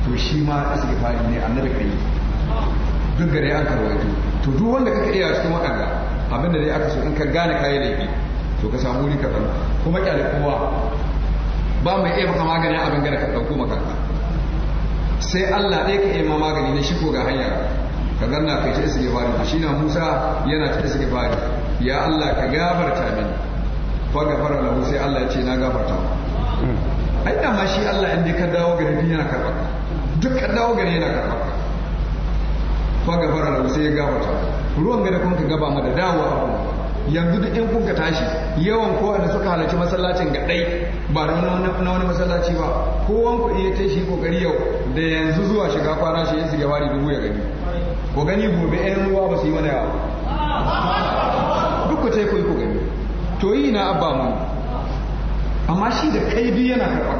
to shi ma istighfari ne annabi kai duk gare an karwaito to duk wanda kaka iya cikin waɗanda abin da dai aka so in ka gane kayi laifi to ka samu ka kaɗan kuma kyale kowa ba mai iya maka magani abin gare ka dauko maka sai Allah ɗaya ka iya magani na shi ko ga hanya ka ganna kai ta istighfari shi na Musa yana ta istighfari ya Allah ka gafarta mini fa gafara lahu sai Allah ya ce na gafarta ai da ma shi Allah inda ka dawo gari ni yana karba. duk ka dawo gari yana karba. fa gafara lahu sai ya gafarta ruwan da kun ka gaba mu da dawo abu yanzu duk in kun ka tashi yawan kowa da suka halarci masallacin ga dai ba na wani masallaci ba kowan ku iya ta shi kokari yau da yanzu zuwa shiga kwana shi ya sige wari dubu ya gani ko gani gobe ɗayan ruwa ba su yi mana yawa duk ku ku yi ku gani to yi na abba mu amma shi da kai biyu yana karɓa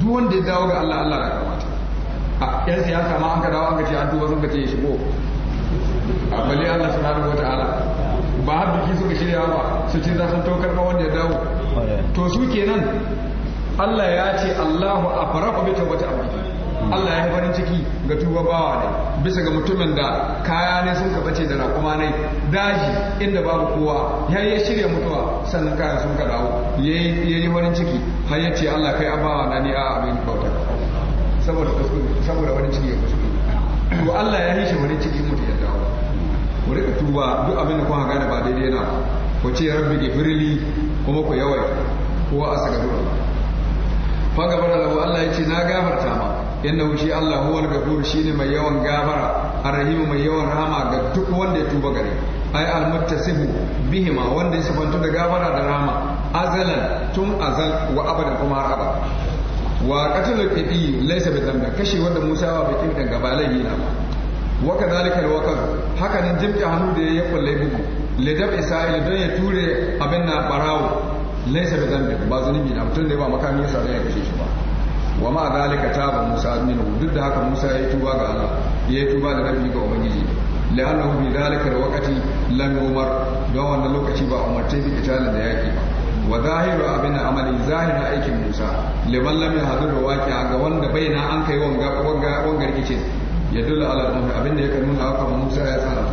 duk wanda ya dawo ga Allah Allah ya karɓa a yan siyasa ma an ka dawo an ka ce an duba sun ka ce shi shigo a bali Allah subhanahu wa ta'ala ba har biki suka shirya ba su ce za su to karɓa wanda ya dawo to su kenan Allah ya ce Allahu afrahu bi tawbati abdi Allah ya yi farin ciki ga tuba bawa ne bisa ga mutumin da kaya ne sun ce da raƙuma ne daji inda babu kowa ya yi shirya mutuwa sannan kaya sun ka dawo ya yi farin ciki har ya ce Allah kai abawa na ne a abin bauta saboda saboda farin ciki ya kuskure to Allah ya yi shi farin ciki mutu ya dawo ku rika tuba duk abin da kuma gane ba daidai na ku ce rabbi gifirli kuma ku yawai kowa a sagadurar fa da lahu Allah ya ce na gafarta ma inna shi Allah huwa al-ghafur shine mai yawan gafara ar-rahim mai yawan rahama ga duk wanda ya tuba gare ai al-muttasifu bihima wanda ya sifantu da gafara da rahama azalan tun azal wa abadan kuma har abada wa qatlul qidi laysa bi dhanbi kashi wanda Musa wa bai kin gabalai laifi na wa kadhalika al-waqf haka nan jimki hannu da ya kulle bugu ladab isa'il don ya ture abin na barawo laysa bi dhanbi ba zunubi na mutum da ba makami yasa da ya kashe shi wa ma zalika taba musa minhu duk da haka musa ya tuba ga Allah ya tuba da rabbi ga ubangiji la'annahu bi zalika alwaqti lam umar don wannan lokaci ba umarce bi kitalin da yaki ba wa zahiru abin amali zahirin aikin musa liman lam yahduru waqi'a ga wanda baina an kai wanga wanga wanga rikicin ya dulla ala umma abin da yake nuna haka musa ya tsara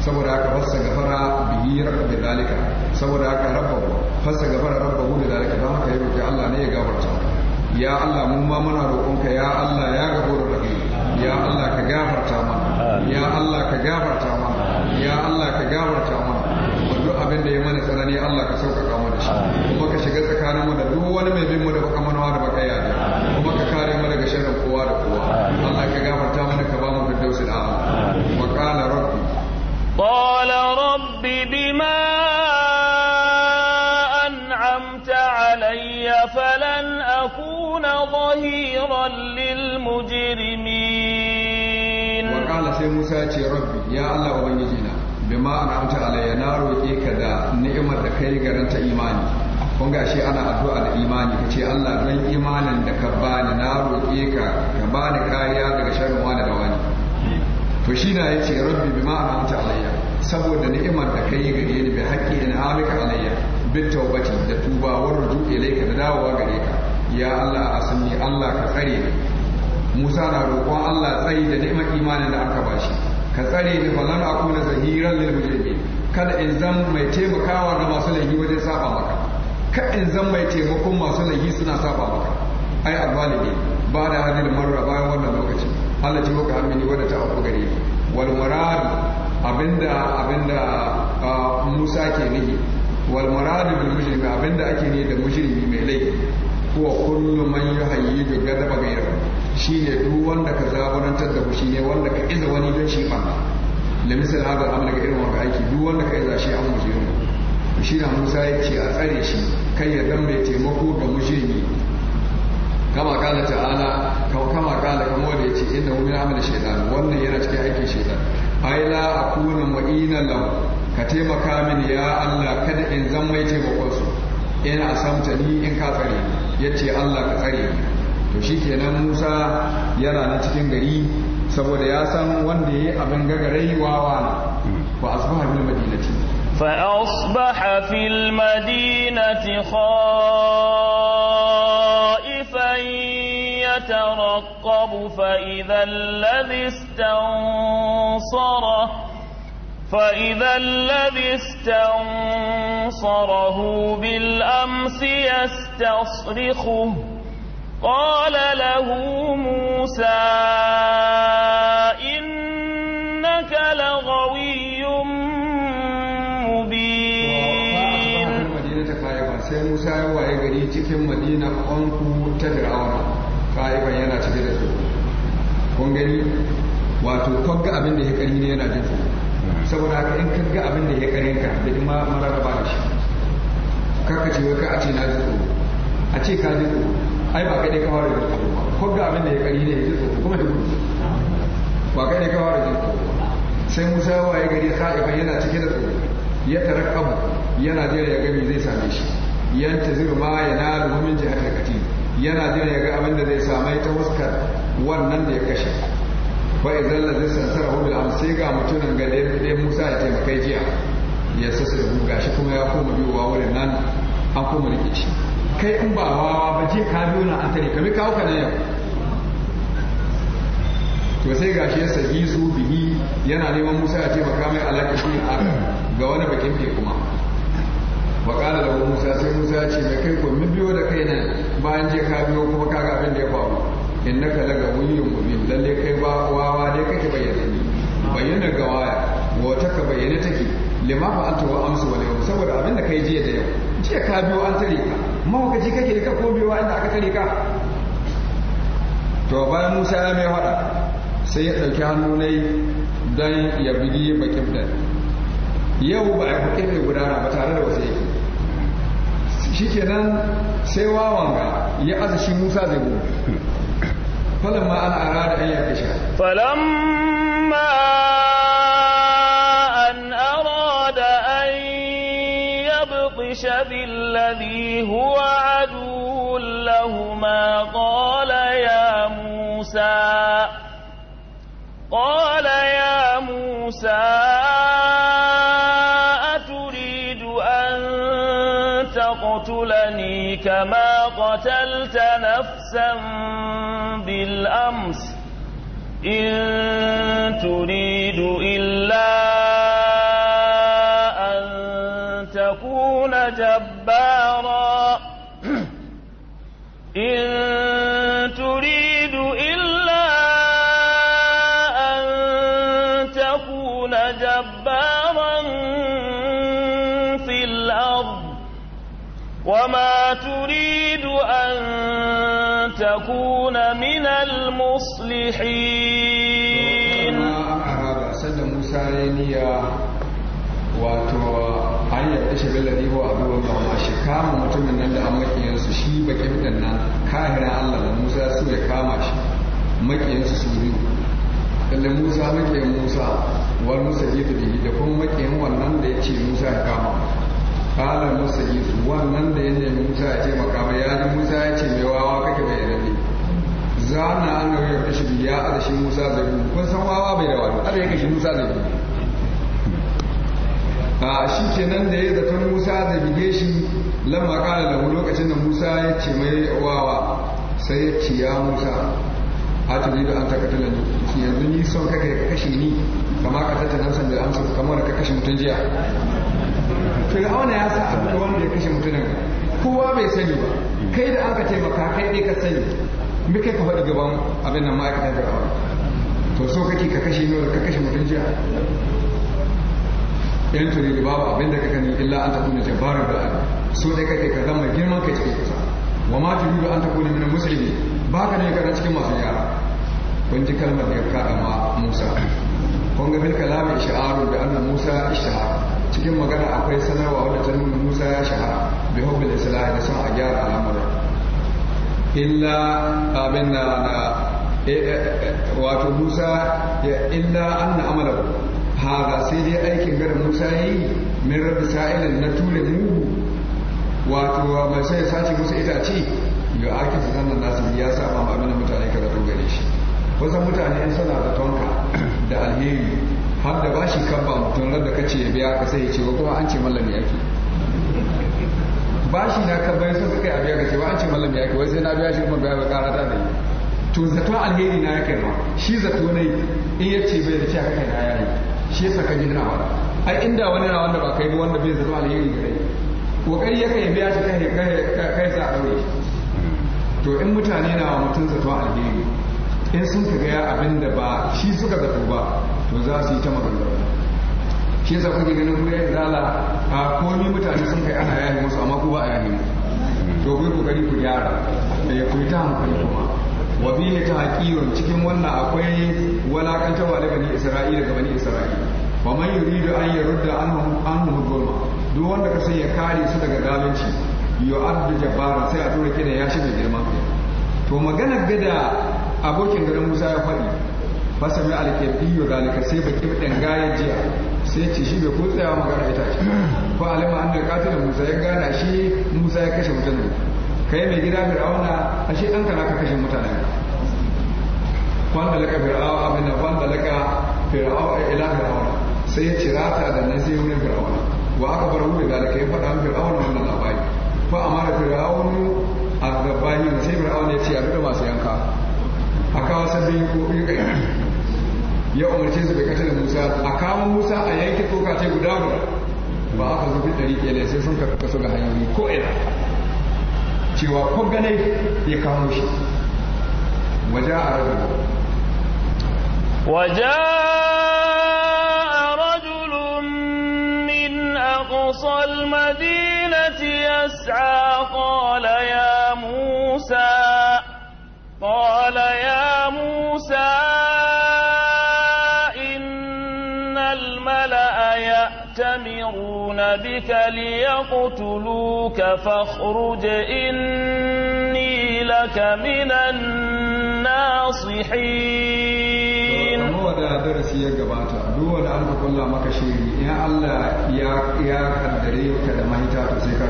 saboda haka fassa gafara bihi rabbi zalika saboda haka rabbahu fassa gafara rabbahu da zalika don haka ya roki Allah ne ya gafarta ya Allah mu ma muna roƙonka ya Allah ya gafuru rahim ya Allah ka gafarta mana ya Allah ka gafarta mana ya Allah ka gafarta mana duk abin da ya mana tsanani Allah ka sauƙaƙa mana shi kuma ka shiga tsakanin mu da duk wani mai bin mu da baka manawa da baka yaja kuma ka kare mu daga sharrin kowa da kowa Allah ka gafarta mana ka ba mu firdausul a'la wa qala rabbi qala rabbi Allah ubangiji na bima amta alayya na roƙe ka da ni'imar da kai garin ta imani kun shi ana addu'a da imani ka ce Allah don imanin da ka bani na roƙe ka ka bani kariya daga sharrin wani da wani to shi na yace rabbi bima amta alayya saboda ni'imar da kai gare ni bi haqqi in amika alayya bi tawbati da tuba wa ruju ilayka da dawowa gare ka ya Allah asmi Allah ka tsare Musa na roƙon Allah tsayi da ni'imar imanin da aka shi. ka tsare ni fa lan akuna zahiran lil mujrimin kada in zan mai taimakawa ga masu laifi wajen saba maka ka in zan mai taimakon masu laifi suna saba maka ai alwalidi ba da hadil marra bayan wannan lokaci Allah ji maka hamini wanda ta auku gare ni wal murad abinda abinda Musa ke nihi wal murad bil mujrimi abinda ake ne da mujrimi mai laifi huwa kullu man yuhayyidu gadaba shi ne duk wanda ka zaburantar da shi ne wanda ka iza wani don shi ɓanna da misal haɗa amma daga irin wanda aiki duk wanda ka iza shi an mujirin shi na musa ya ce a tsare shi kai ya zan mai taimako ga mujirin kama kala ta'ala kama kala kama wanda ya ce inda wani da shaitan wannan yana cikin aikin shaitan ai la kuna mu'ina lahu ka taimaka mini ya Allah kada in zan mai taimakon su in samta ni in ka tsare yace Allah ka tsare ni to shikenan Musa yana na cikin gari saboda ya san wanda yayi abin gagarai wawa fa asbaha bil madinati fa asbaha fil madinati khaifan yatarqabu fa idha alladhi istansara فإذا الذي استنصره بالأمس يستصرخه قال له موسى إنك لغوي مبين sai Musa ya waye cikin ta yana da gani wato kogga abin da ya kari yana saboda haka in kagga abin da ya karin ka da ima mararraba da shi Ka ce wai ka a ce na zuwa a ce ka zuwa ai ba kai ka fara jin ba ko ga abin da ya kari ne ya ji tsoro kuma da gudu ba kai ka fara jin sai Musa ya waye gari sa'iban yana cike da tsoro ya tarakkabu yana jira ya gami zai same shi yanta zuba ma ya alhumin min da kati yana jira ya ga abin da zai same ta huskar wannan da ya kashe ba idan la zai sansara hubil am ga mutumin ga ɗaya Musa ya taimakai jiya ya sassa da gashi kuma ya koma biyowa wurin nan an koma rikici kai in ba wawa ba je ka biyo na antare ka bi kawo ka na yau to sai gashi ya sahi su bihi yana neman musa ya ce maka mai alaƙa shi a ga wani bakin ke kuma wa kana da musa sai musa ya ce kai ko min biyo da kai nan bayan je ka biyo kuma ka ga abin da ya faru in na kala ga wuyin mubin lalle kai ba wawa dai kake bayyana ni bayyana ga waya wata ka bayyana take lima fa'alta wa amsu wa yau saboda abin da kai jiya da yau jiya ka biyo an tare ka mawakaci kake da kakko komewa inda aka tare ka to bayan musa ya mai faɗa sai ya ɗauki hannu ne don ya bugi bakin da yau ba a kuɗe mai gudana ba tare da wasu yake nan sai wawan ga ya aza shi musa zai gudu falamma an arada an yake falon falamma الذي هو عدو لهما قال يا موسى قال يا موسى أتريد أن تقتلني كما قتلت نفسا بالأمس إن المصلحين سيدنا موسى ينيا wato an yarda shi billadi ko a duwan ba ma shi kama mutumin nan da an su shi baki fitan nan kahiran allah da musa su ya kama shi makiyan su biyu lalle musa makiyan musa wani musa ya gitu da kuma makiyan wannan da ya ce musa ya kama kala musa ya gitu wannan da ya nemi musa ya ce makama ya ji musa ya ce mai wawa kake bai zana an ga yau tashi ya arshi Musa da zabi kun san wawa bai da wani har ya kashi Musa da zabi a shi nan da ya zaton Musa da bige shi lamma kala da lokacin da Musa ya ce mai wawa sai ya ce ya Musa a tuni da an takatala ne yanzu ni son kaka ya kashe ni kama ka tattala nan sanda amsa kamar ka kashe mutum jiya fir'auna ya sa abu wanda ya kashe mutumin kowa bai sani ba kai da aka taimaka kai ne ka sani me kai ka faɗi gaban abin nan ma'aikata da rawa to so kake ka kashe yau ka kashe mutum jiya yan turi da babu abin da ka kani illa an tafi kuna jabarar da so dai kake ka zama girman kai cikin kusa. wa ma ta da an tafi kuna min musulmi ba ka ne kana cikin masu yara kun ji kalmar da ya kaɗa ma musa kun ga bil kalamin sha'aru da annan musa shahara. cikin magana akwai sanarwa wadda ta nuna musa ya shahara bi da islam da son a gyara al'amuran illa abin na eh, eh, eh, wato musa ya illa an na ha ga sai dai aikin gara musa yi min rabbi sa'ilin na ture mugu wato mai sai sace musu ce? ga ake su sannan nasu ya saba ma abin mutane ka zato gare shi wasu mutane in suna da tonka da alheri har da bashi kan ba mutum da kace ya biya ka sai ya ce ko an ce mallami yake bashi na ka bayan sun kai a biya ka ce ba an ce mallam ya kai wai sai na biya shi kuma biya ba kara ta da yi to zato alheri na ya kai ma shi zato ne in ya ce bai da ce haka na ya yi shi yasa ka gina wa ai inda wani na wanda ba kai ba wanda bai zato alheri gare kokari ya kai biya shi kai kai a aure to in mutane na mutum zato alheri in sun ka ga abin da ba shi suka zato ba to za su yi ta magana shi yasa kuke ganin kuma ya zala a komi mutane sun kai ana yayin musu amma ku ba a yayin to ku kokari ku gyara da eh, ya kuita hankali kuma wa ta tahqirun cikin wannan akwai walakantar wa ni isra'ila ga bani isra'ila wa man yuridu an yurda anhum anhum dhulma duk wanda ka sai ya kare su daga zalunci abdu jabbar sai a tura kida ya shiga girma to magana gada abokin garin Musa ya faɗi fasami alkebiyo zalika sai baki dan gaya jiya sai ce shi bai ko magana ita ce ko alama an da katil musa ya gana shi musa ya kashe mutane kai mai gida fir'auna ashe dan kana ka kashe mutane wanda laka fir'auna abin da wanda laka fir'auna eh, ila fir'auna sai ya cirata da na zai wurin fir'auna wa aka bar hu da kai faɗa an fir'auna wannan labari fa amara fir'aunu a gabani sai fir'auna ya ce a duka masu yanka a kawo sabbin ko ƙirƙiri ya umarce su da katil Musa a kawo Musa a yanke tsoka ce guda guda ba aka zubi ɗari kenan sai sun karɓi kaso ga hanyoyi ko ina cewa ko ganai ya kamo shi waje a rajulu waje rajulun min aqsal madinati yas'a qala ya Musa بِأَهْلِكَ لِيَقْتُلُوكَ فَاخْرُجْ إِنِّي لَكَ مِنَ النَّاصِحِينَ kuma da darasi ya gabata duk wanda an kulla maka shiri in Allah ya ya kaddare mahita to sai ka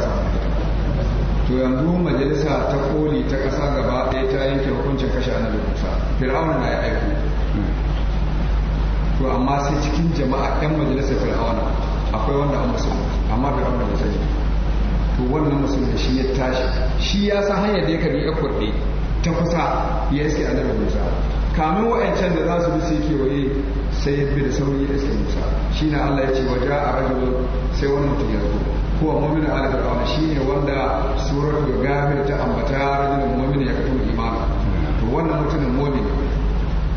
to yanzu majalisa ta koli ta kasa gaba ɗaya ta yanke hukuncin kashe annabi Musa fir'auna na ya aiko to amma sai cikin jama'a ɗan majalisar fir'auna akwai wanda an musulunta amma da abu da sai to wannan musulmi shi ya tashi shi ya san hanyar da ya kabi ya kurɗe ta kusa ya iske annabi musa kamin wa'ancan da za su bi su kewaye sai ya bi da sauri ya iske musa shi na allah ya ce wa ja a rajul sai wani mutum ya zo ko kuwa mumin ala fir'auna shi ne wanda surar da gafir ta ambata rajulun mumin ya kato imana to wannan mutumin mumin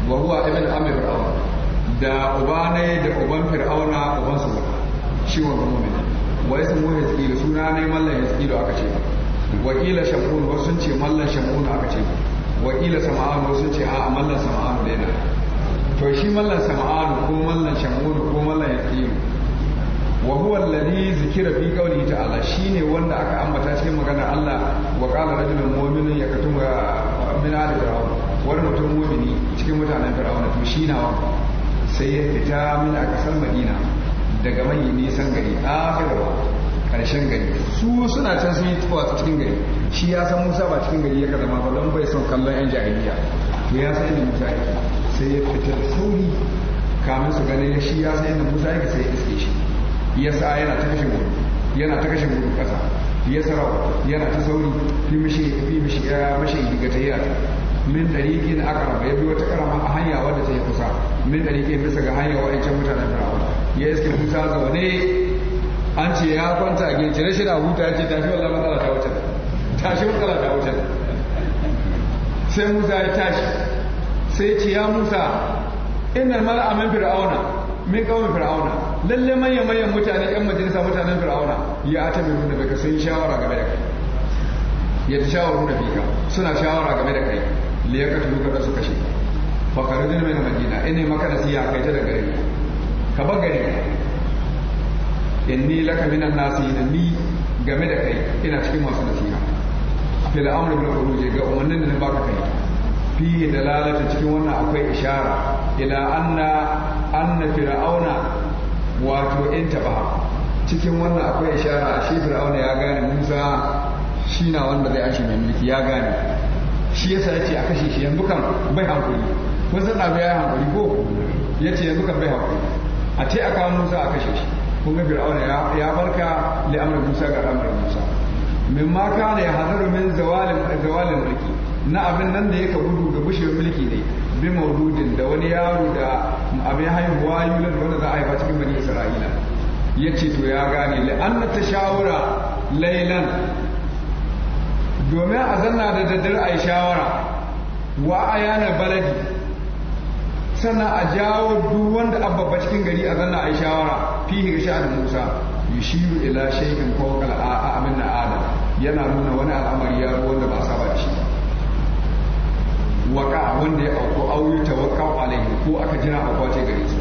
wa huwa ibn amir fir'auna da uba ne da uban fir'auna uban su ciwon mumin wa ismu yaskilu suna ne mallan yaskilu aka ce Wakila kila shamun wasu sun ce mallan shamun aka ce Wakila kila sama'an sun ce a mallan sama'an ne na to shi mallan sama'an ko mallan shamun ko mallan yaskilu wa huwa alladhi zikira fi qawlihi ta'ala shine wanda aka ambata cikin magana Allah wa qala rajulun mu'minun yakatumu min ali fir'aun wani mutum mu'mini cikin mutanen fir'auna to shi na sai ya fita min aka san madina daga mai nisan gari akirwa karshen gari su suna can sun yi tuwa cikin gari shi ya san musa ba cikin gari ya ka zama ba bai son kallon yan jahiliya to ya san inda musa yake sai ya fitar sauri kamin su ganin shi ya san inda musa yake sai ya iske shi ya sa yana ta kashe gudu yana ta kashe gudu kasa ya sarau yana ta sauri fi mishi fi mishi ya mashi gigata yana min dariqin aqrab ya bi wata karama a hanya wadda ta yi kusa min dariqin bisa ga hanya wa'ancan mutanen fir'auna ya iske musa zaune an ce ya kwanta a gece rashin a huta ce tafi wallah matsala ta wuce tashi matsala ta wuce sai musa ya tashi sai ce ya musa ina mara amin fir'auna min kawai fir'auna lalle manyan manyan mutane yan majalisa mutanen fir'auna ya ta mai nuna baka sun shawara game da kai ya ta shawaru da fika suna shawara game da kai liyakatu ka tulu su kashe bakarin mai na madina ina maka nasiya kai ta da gari ka bar gari inni laka minan nasi da ni game da kai ina cikin masu nasiha fil amru bil khuruj ga umarnin da na baka kai fi dalalata cikin wannan akwai ishara ila anna anna fir'auna wato taba cikin wannan akwai ishara shi fir'auna ya gane Musa shi na wanda zai ashe mai mulki ya gane shi yasa yace a kashe shi yanzu kan bai hankali kun san abu ya hankali ko yace yanzu kan bai hankali a ce a kawo musa a kashe shi kun ga fir'auna ya barka da amr musa ga amr musa min ma kana ya hadaru min zawalin zawalin mulki na abin nan da yake gudu ga bushe mulki ne bi maududin da wani yaro da abin haihuwa yulad wanda za a haifa cikin bani isra'ila ya ce to ya gane la'anna tashawura laylan domin a zanna da daddare a yi shawara wa ayana baladi tana a jawo duk wanda abba cikin gari a zanna a yi shawara fihi ga sha'an musa yushiru ila shay'in fawqa al amin na adam yana nuna wani al'amari ya wanda ba saba shi waka wanda ya auku auyu tawakkal alaihi ko aka jira a kwace gari su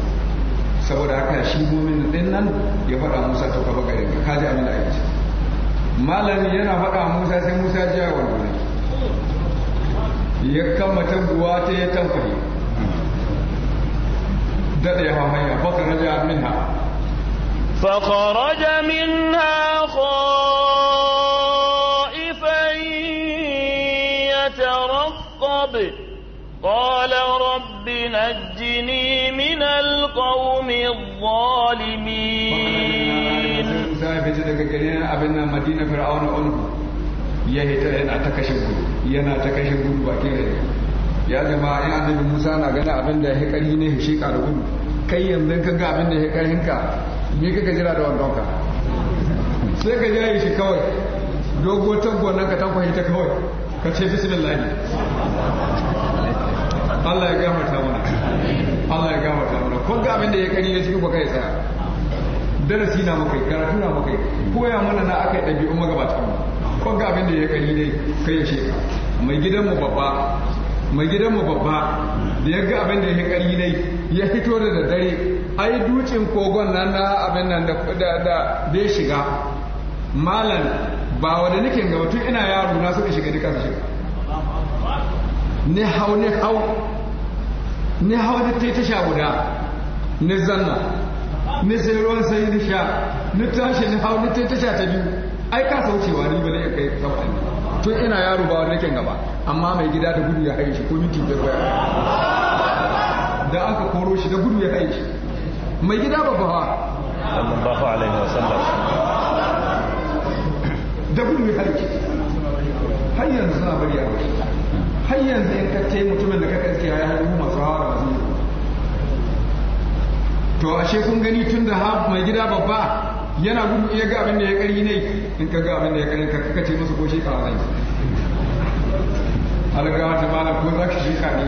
saboda haka shi mumin din nan ya faɗa musa to kaba gari ka ji abin da ake ce malami yana faɗa musa sai musa ya ji wani ya kama taguwa ta ya tamfaye فخرج منها خائفا يترقب قال رب نجني من القوم الظالمين سايف جدك كنين أبنى مدينة فرعون ya jama'a yi annabi musa na gani abin da ya kari ne shi da kai yanzu ka ga abin da ya karin ka me kaka jira da wannan ka sai ka jaye shi kawai dogo tango nan ka tankwahi ta kawai ka ce bismillah Allah ya gama ta mana Allah ya gama ta mana kun ga abin da ya kari ne cikin ku kai tsaya darasi na muka karatu na muka koya mana na aka yi ɗabi'un magabatan kun ga abin da ya kari ne kai ya shi. mai gidanmu babba mai gidanmu babba da ya ga abin da ya kari nai ya fito da daddare ai ducin kogon nan na abin nan da ya shiga malam ba wanda nake ga mutum ina yaro na suka shiga duka shi ne ni hau ni hau ni hau da ta tasha guda ni zanna ni sai ruwan sai ni sha ni tashi ni hau ni ta tasha ta biyu ai ka saucewa ni ba ne kai saba'in tun ina yaro ba wani gaba amma mai gida da gudu ya haye shi ko minti biyar baya da aka koro shi da gudu ya haye shi mai gida babba ba alaihi da gudu ya haye shi har yanzu suna bari a wasu har yanzu in kace mutumin da kaka siya ya haihu masu hawa da yi. to ashe kun gani tun da mai gida babba yana gudu ya ga abin da ya kari ne in ka ga abin da ya kari ka kaka ce masa ko shi kawo zai algawa ta malam ko za ka shi ka ne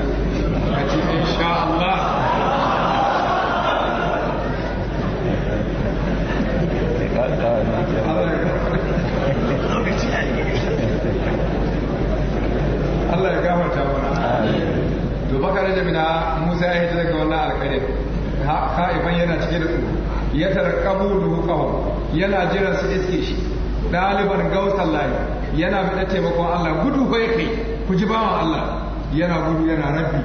ka ce insha Allah Allah ya gafarta mana to baka rajamina Musa ya hita daga wannan alƙalin ka ifan yana cike da tsoro ya da duqahu yana jiran su iske shi daliban gausan layi yana fita taimakon Allah gudu bai kai ku ji bawa Allah yana gudu yana rabbi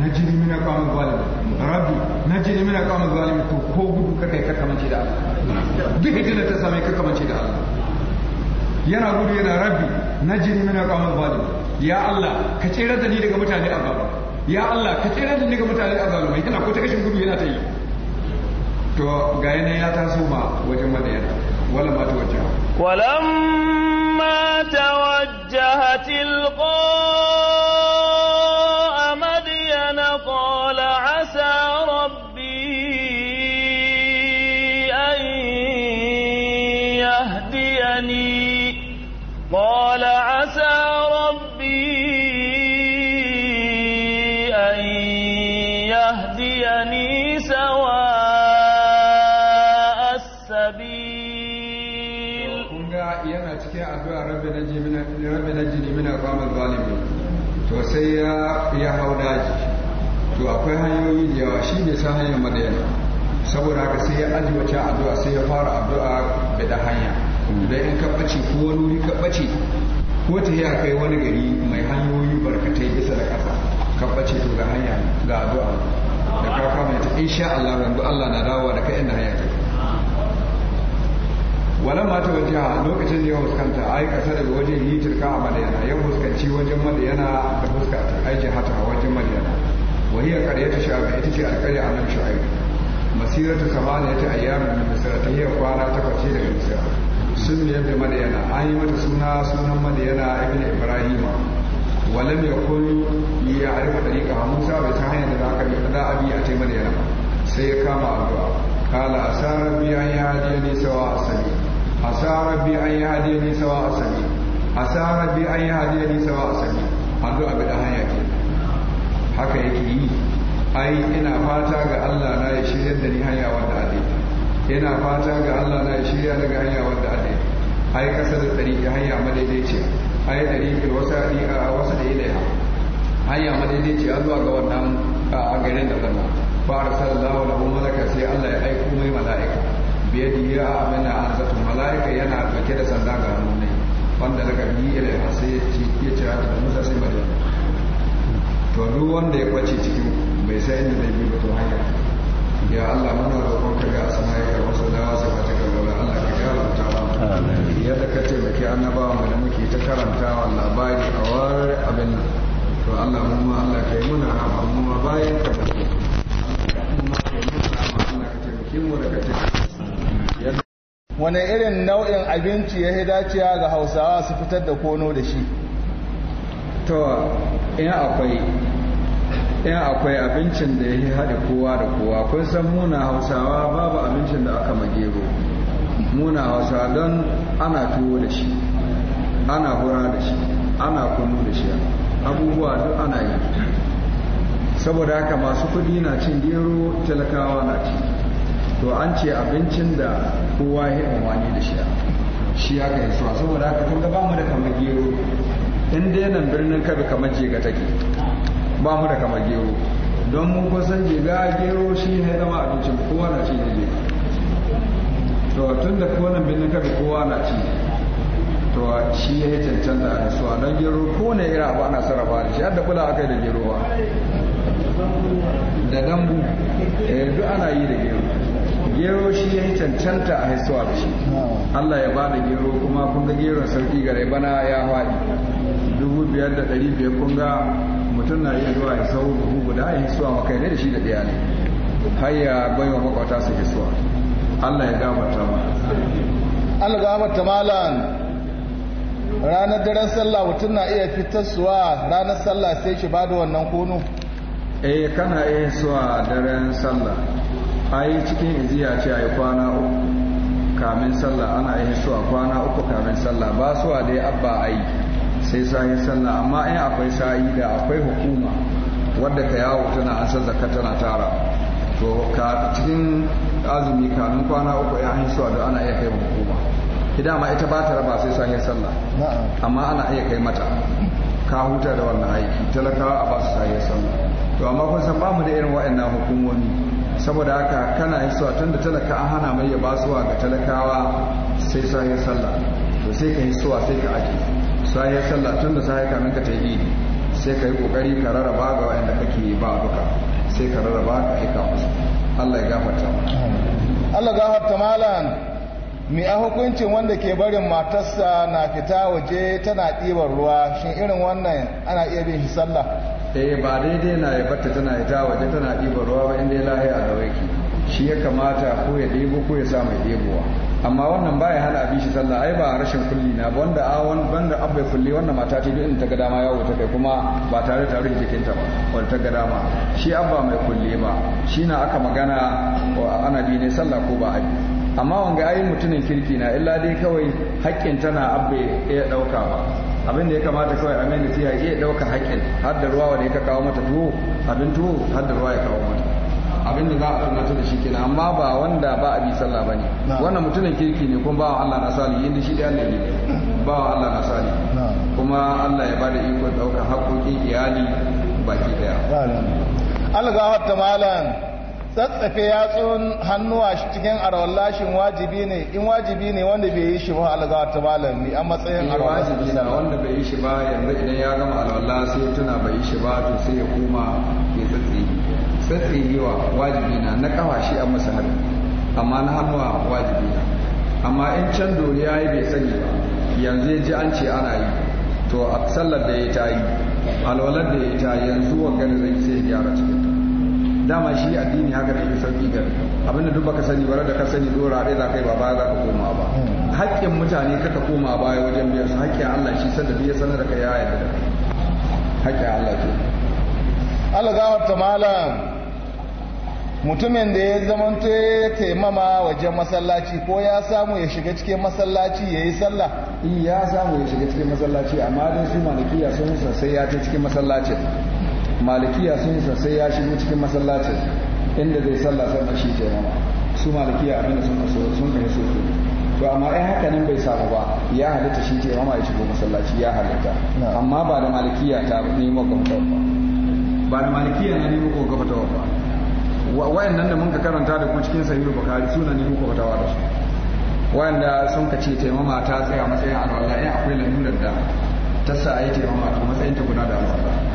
najini mina qamu zalimin rabbi najini mina qamu zalimin to ko gudu kakai ka kamance da Allah duk hidda ta same ka kamance da Allah yana gudu yana rabbi najini mina qamu zalimin ya Allah ka tsere da ni daga mutane azaba ya Allah ka tsere da ni daga mutane a azaba kana ko ta kashin gudu yana ta yi to ga yanayi ya taso ma wajen madayana wala ma ta wajen. walamma tawajjaha tilqa min al zalimi to sai ya ya hau daji to akwai hanyoyi da yawa shi ne san hanyar madayana saboda haka sai ya aji wacce addu'a sai ya fara addu'a da da hanya dai in ka bace ko wani wuri ka bace ko ta ya kai wani gari mai hanyoyi barkatai bisa da kasa ka bace to ga hanya ga addu'a da ka kama ta insha Allah wanda Allah na dawowa da kai inda hanya ta wala mata ta a lokacin da ya fuskanta yi kasar da waje yi tilka a madayana ya fuskanci wajen madayana da fuska ta aiki hata wajen madayana wahiyar karya ta shafi ita ce alkarya a nan sha'ir masirar ta samaniya ta ayyamin da misira ta hiyar kwana ta kwace daga misira sun ne da madayana an yi mata suna sunan madayana ibn ibrahima walam ya kun ya arifa dariƙa musa bai ta hanyar da za ka bi da abi a mana yana sai ya kama addu'a kala asara biyan ya hadiya ne sawa asa rabbi an yahdini sawa asami asa rabbi an yahdini sawa asami addu'a bi da hanya ke haka yake yi ai ina fata ga Allah na ya shirya da ni hanya wanda a ina fata ga Allah na ya shirya daga hanya wanda a ai kasa da tsari hanya madaidaiciya ai dari wasa ni a wasa da ilaiha hanya ga wannan a da sai Allah ya aiko mai mala'ika biye yi ya amina an zato mala'ika yana ɗauke da sanda ga nuna wanda daga biyu ila ya sai ya ce ya tafi musa sai madina to duk wanda ya kwace cikin bai sai inda zai bi batun hanya ya Allah mana roƙon ka ga asma ya karɓa da wasu ka ta karɓa Allah ka wa ya da ka taimaki annabawa mu da muke ta karanta wa labari a war abin nan to Allah mu ma Allah ka yi muna hama mu ma bayan ka mu ma ka yi muna hama Allah ka mu da ka wane irin nau'in abinci ya dacewa ga hausawa su fitar da kono da shi to in akwai in akwai abincin da ya haɗe kowa da kowa kun san muna hausawa babu abincin da aka magero muna hausawa don ana tuwo da shi ana hura da shi ana kunu da shi abubuwa duk ana yi saboda haka masu kuɗi na cin gero talakawa na ci to an ce abincin da kowa ya amfani da shi shi ya ya suwa saboda haka kun ba mu da kamar gero in dai nan birnin kabi kamar jega take ba mu da kamar gero don mun kusan jega gero shi ne zama abincin kowa na ci ne to tun da kowa nan birnin kabi kowa na ci to shi ya yi cancanta a rasuwa don gero ko ne ira ba ana sarrafa shi yadda kula aka yi da gero ba da dambu eh, duk ana yi da gero gero shi ya cancanta a haisuwa da shi Allah ya bada gero kuma kun ga geron sarki gare bana ya haɗi dubu biyar da ɗari biyar kun ga mutum na iya zuwa ya sau buhu guda ya haisuwa makai ne da shi da ɗaya ne har ya bai wa makwata su haisuwa Allah ya ta ma Allah gabata malam ranar daren sallah mutum na iya fitar suwa ranar sallah sai shi bada wannan kunu eh kana iya suwa daren sallah ayi cikin iziya ce ai kwana uku kamin sallah ana yin su a kwana uku kamin sallah ba su a dai abba ayi sai sahin sallah amma in akwai sa'i da akwai hukuma wadda ka yawo tana an san zakka tana tara to ka cikin azumi kamin kwana uku ya yi suwa da ana iya kai hukuma idan ma ita ba ta raba sai sahin sallah amma ana iya kai mata ka huta da wannan aiki talakawa a ba su sahin sallah to amma kun san ba mu da irin wa'annan hukumomi saboda haka kana hisuwa tun da talaka an hana mai ya suwa ga talakawa sai sahiyar sallah to sai ka yi suwa sai ka aji sahiyar sallah tun da sahiyar kamin ka ta yi sai ka yi kokari ka rarraba ga wa'anda kake ba duka sai ka rarraba ka aika musu Allah ya gafarta Allah gafarta malam me a hukuncin wanda ke barin matarsa na fita waje tana ɗibar ruwa shin irin wannan ana iya bin shi sallah eh ba daidai na ya batta tana ita waje tana ɗiba ruwa ba inda ya lahiya a lauyaki shi ya kamata ko ya ɗebo ko ya sa mai ɗebowa amma wannan baya hana abin shi sallah ai ba rashin kulli na wanda a wanda abba ya kulli wannan mata ta in ta ga dama yawo ta kai kuma ba tare tare da jikinta ba wanda ta ga dama shi abba mai kulli ba shi na aka magana ana bi ne sallah ko ba abi amma wanga ayi mutumin kirki na illa dai kawai haƙƙin tana abbe ya ɗauka ba abin da ya kamata kawai a mai ya iya ɗauka haƙƙin har da ruwa wanda ya kawo mata tuwo abin tuwo har da ruwa ya kawo mata abin da za a tunata da shi kenan amma ba wanda ba a bi sallah ba ne wannan mutumin kirki ne kuma wa Allah na sali da shi ɗaya Allah ne wa Allah na sali kuma Allah ya bada ikon ɗaukar haƙoƙin iyali baki daya Allah ga hatta malam tsatsafe yatsun hannuwa shi cikin arwallashin wajibi ne in wajibi ne wanda bai yi shi ba algawa ta malami a matsayin arwallashin wajibi ne wanda bai yi shi ba yanzu idan ya gama alwallah sai ya tuna bai yi shi ba to sai ya koma ya tsatsi tsatsi yiwa wajibi na na kafa shi a masa hari amma na hannuwa wajibi na amma in can dori ya yi bai sani ba yanzu ya ji an ce ana yi to a sallar da ya ta yi alwalar da ya ta yanzu wangane zai sai gyara cikin ta dama shi addini haka da yi sauki ga abinda duk baka sani ba da ka sani dora dai za kai ba baya za ka koma ba haƙƙin mutane kaka koma baya wajen biyar su haƙƙin Allah shi sanda biya sanar da ka ya yarda da haƙƙin Allah ke Allah ta malam mutumin da ya zama ta taimama wajen masallaci ko ya samu ya shiga cikin masallaci ya yi sallah in eh, ya samu ya shiga cikin masallaci amma don su malikiya sun sai ya ta cikin masallacin malikiya sun yi sai ya shigo cikin masallacin inda zai sallah sai shi ke nama su malikiya abinda sun kaso sun kai su to amma ai haka nan bai samu ba ya halitta shi ke nama ya shigo masallaci ya halitta amma ba da malikiya ta nemo gwamnati ba ba da malikiya na nemo gwamnati ba wayannan da mun ka karanta da ku cikin sahihu bukhari suna nemo gwamnati da su wanda sun ka ce taimama ta tsaya matsayin alwala ai akwai lalurar da ta sa a yi taimama to matsayin ta guda da alwala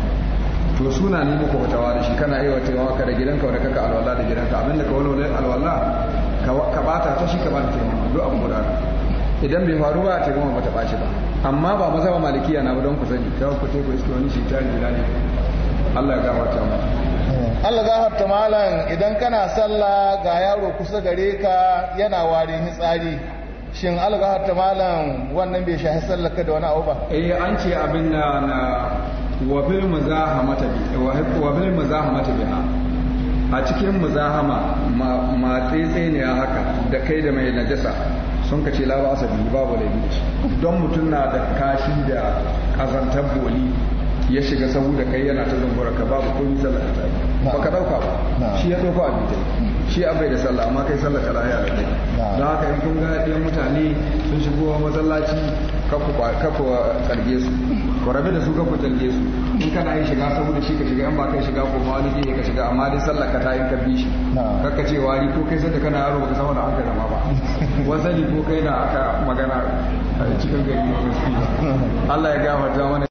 to suna ne muku fitawa da shi kana yi wata yawa kada gidanka wadda kaka alwala da gidanka abinda ka wani alwala ka bata ta shi ka bata taimama duk abu guda idan bai faru ba a taimama ba ta ɓaci ba amma ba maza ba malikiya na ba don ku sani ta ku teku iske wani shi ta gida ne Allah ya gafarta mutu. Allah gafarta malam idan kana sallah ga yaro kusa gare ka yana warin hitsari shin algahar ta malam wannan bai shahi ka da wani abu ba eh an ce abin na wa fil muzahamata bi biha a cikin mazahama ma tsaye ne haka da kai da mai najasa sun kace la ba asabi babu laifi don mutum na da kashi da kazantar boli ya shiga saboda da kai yana ta zungura ka babu sallar da ta ba ka dauka ba shi ya dauka a da shi abai da sallah amma kai sallah ka lahiya da kai Za haka in kun ga ɗayan mutane sun shigo masallaci kafa karge su ku da su ka ku su in kana yin shiga saboda shi ka shiga in ba kai shiga ko ma wani ka shiga amma dai sallaka ka ta yi ka bi shi kakka ce wari ko kai sai kana yaro baka samu da aka zama ba wasani ko kai na aka magana cikin gari Allah ya gafarta mana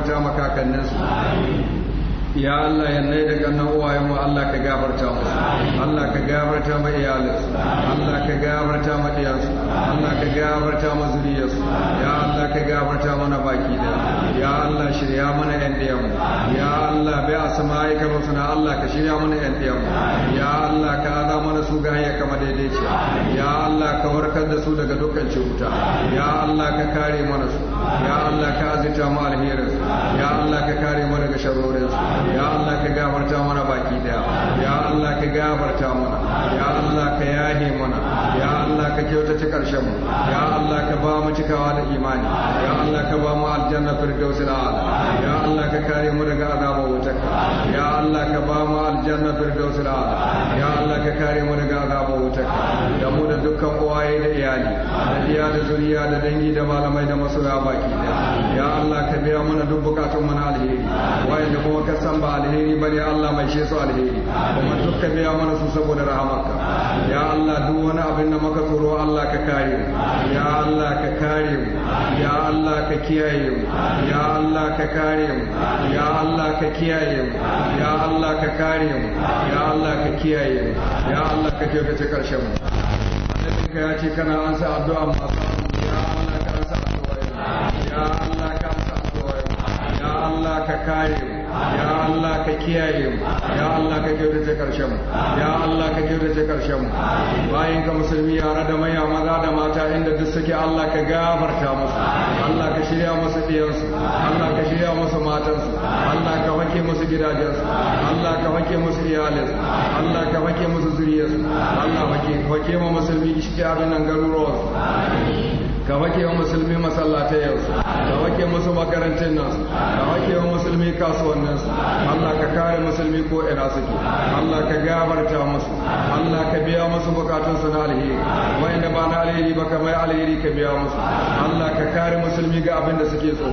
gafarta ma kakanninsu ya Allah ya nai daga uwayen mu Allah ka gafarta mu Allah ka gafarta mu iyalansu Allah ka gafarta mu iyalansu Allah ka gafarta mu zuriyarsu ya Allah ka gafarta mana baki da ya Allah shirya mana yan diyan ya Allah bai asma'ika suna Allah ka shirya mana yan diyan ya Allah ka ada mana su ga ya kama daidai ce ya Allah ka warkar da su daga dukkan cuta ya Allah ka kare mana su ya Allah ka azita mu alherin ya Allah ka kare mana daga sharorin ya Allah ka gafarta mana baki da ya Allah ka gafarta mana ya Allah ka yahe mana ya Allah ka kyautata karshen mu ya Allah ka ba mu cikawa da imani ya Allah ka ba mu aljanna firdausi ala ya Allah ka kare mu daga azabar wutar ya Allah ka ba mu aljanna firdausi ala ya Allah ka kare mu daga azabar wutar da mu da dukkan uwaye da iyali da iya da zuriya da dangi da malamai da masoya baki ya Allah ka biya mana duk bukatun mu na alheri wayanda kuma ka san ba alheri bane Allah mai shi su alheri kuma dukkan biya mana su saboda rahamarka ya Allah duk wani abu abin muka tsoro Allah ka kare mu ya Allah ka kare mu ya Allah ka kiyaye mu ya Allah ka kare mu ya Allah ka kiyaye mu ya Allah ka kare mu ya Allah ka kiyaye mu ya Allah ka kyautace mu ya ce kana addu'a ya Allah ka addu'a ya Allah ka addu'a ya Allah ka kare mu ya Allah ka kiyaye mu ya Allah ka ta karshen mu ya Allah ka ta karshen mu bayan ka musulmi yara da maya maza da mata inda duk suke Allah ka gafarta musu Allah ka shirya musu diyansu Allah ka shirya musu matansu Allah ka wake musu gidajensu Allah ka wake musu iyalinsu Allah ka wake musu zuriyarsu Allah wake wake ma musulmi shi abin nan amin ka wake wa musulmi masallatai yau ka wake musu makarantun nan ka wake wa musulmi kasuwannin su Allah ka kare musulmi ko ina suke Allah ka gabarta musu Allah ka biya musu bukatun su na alheri da ba na alheri ba kamar alheri ka biya musu Allah ka kare musulmi ga abin da suke so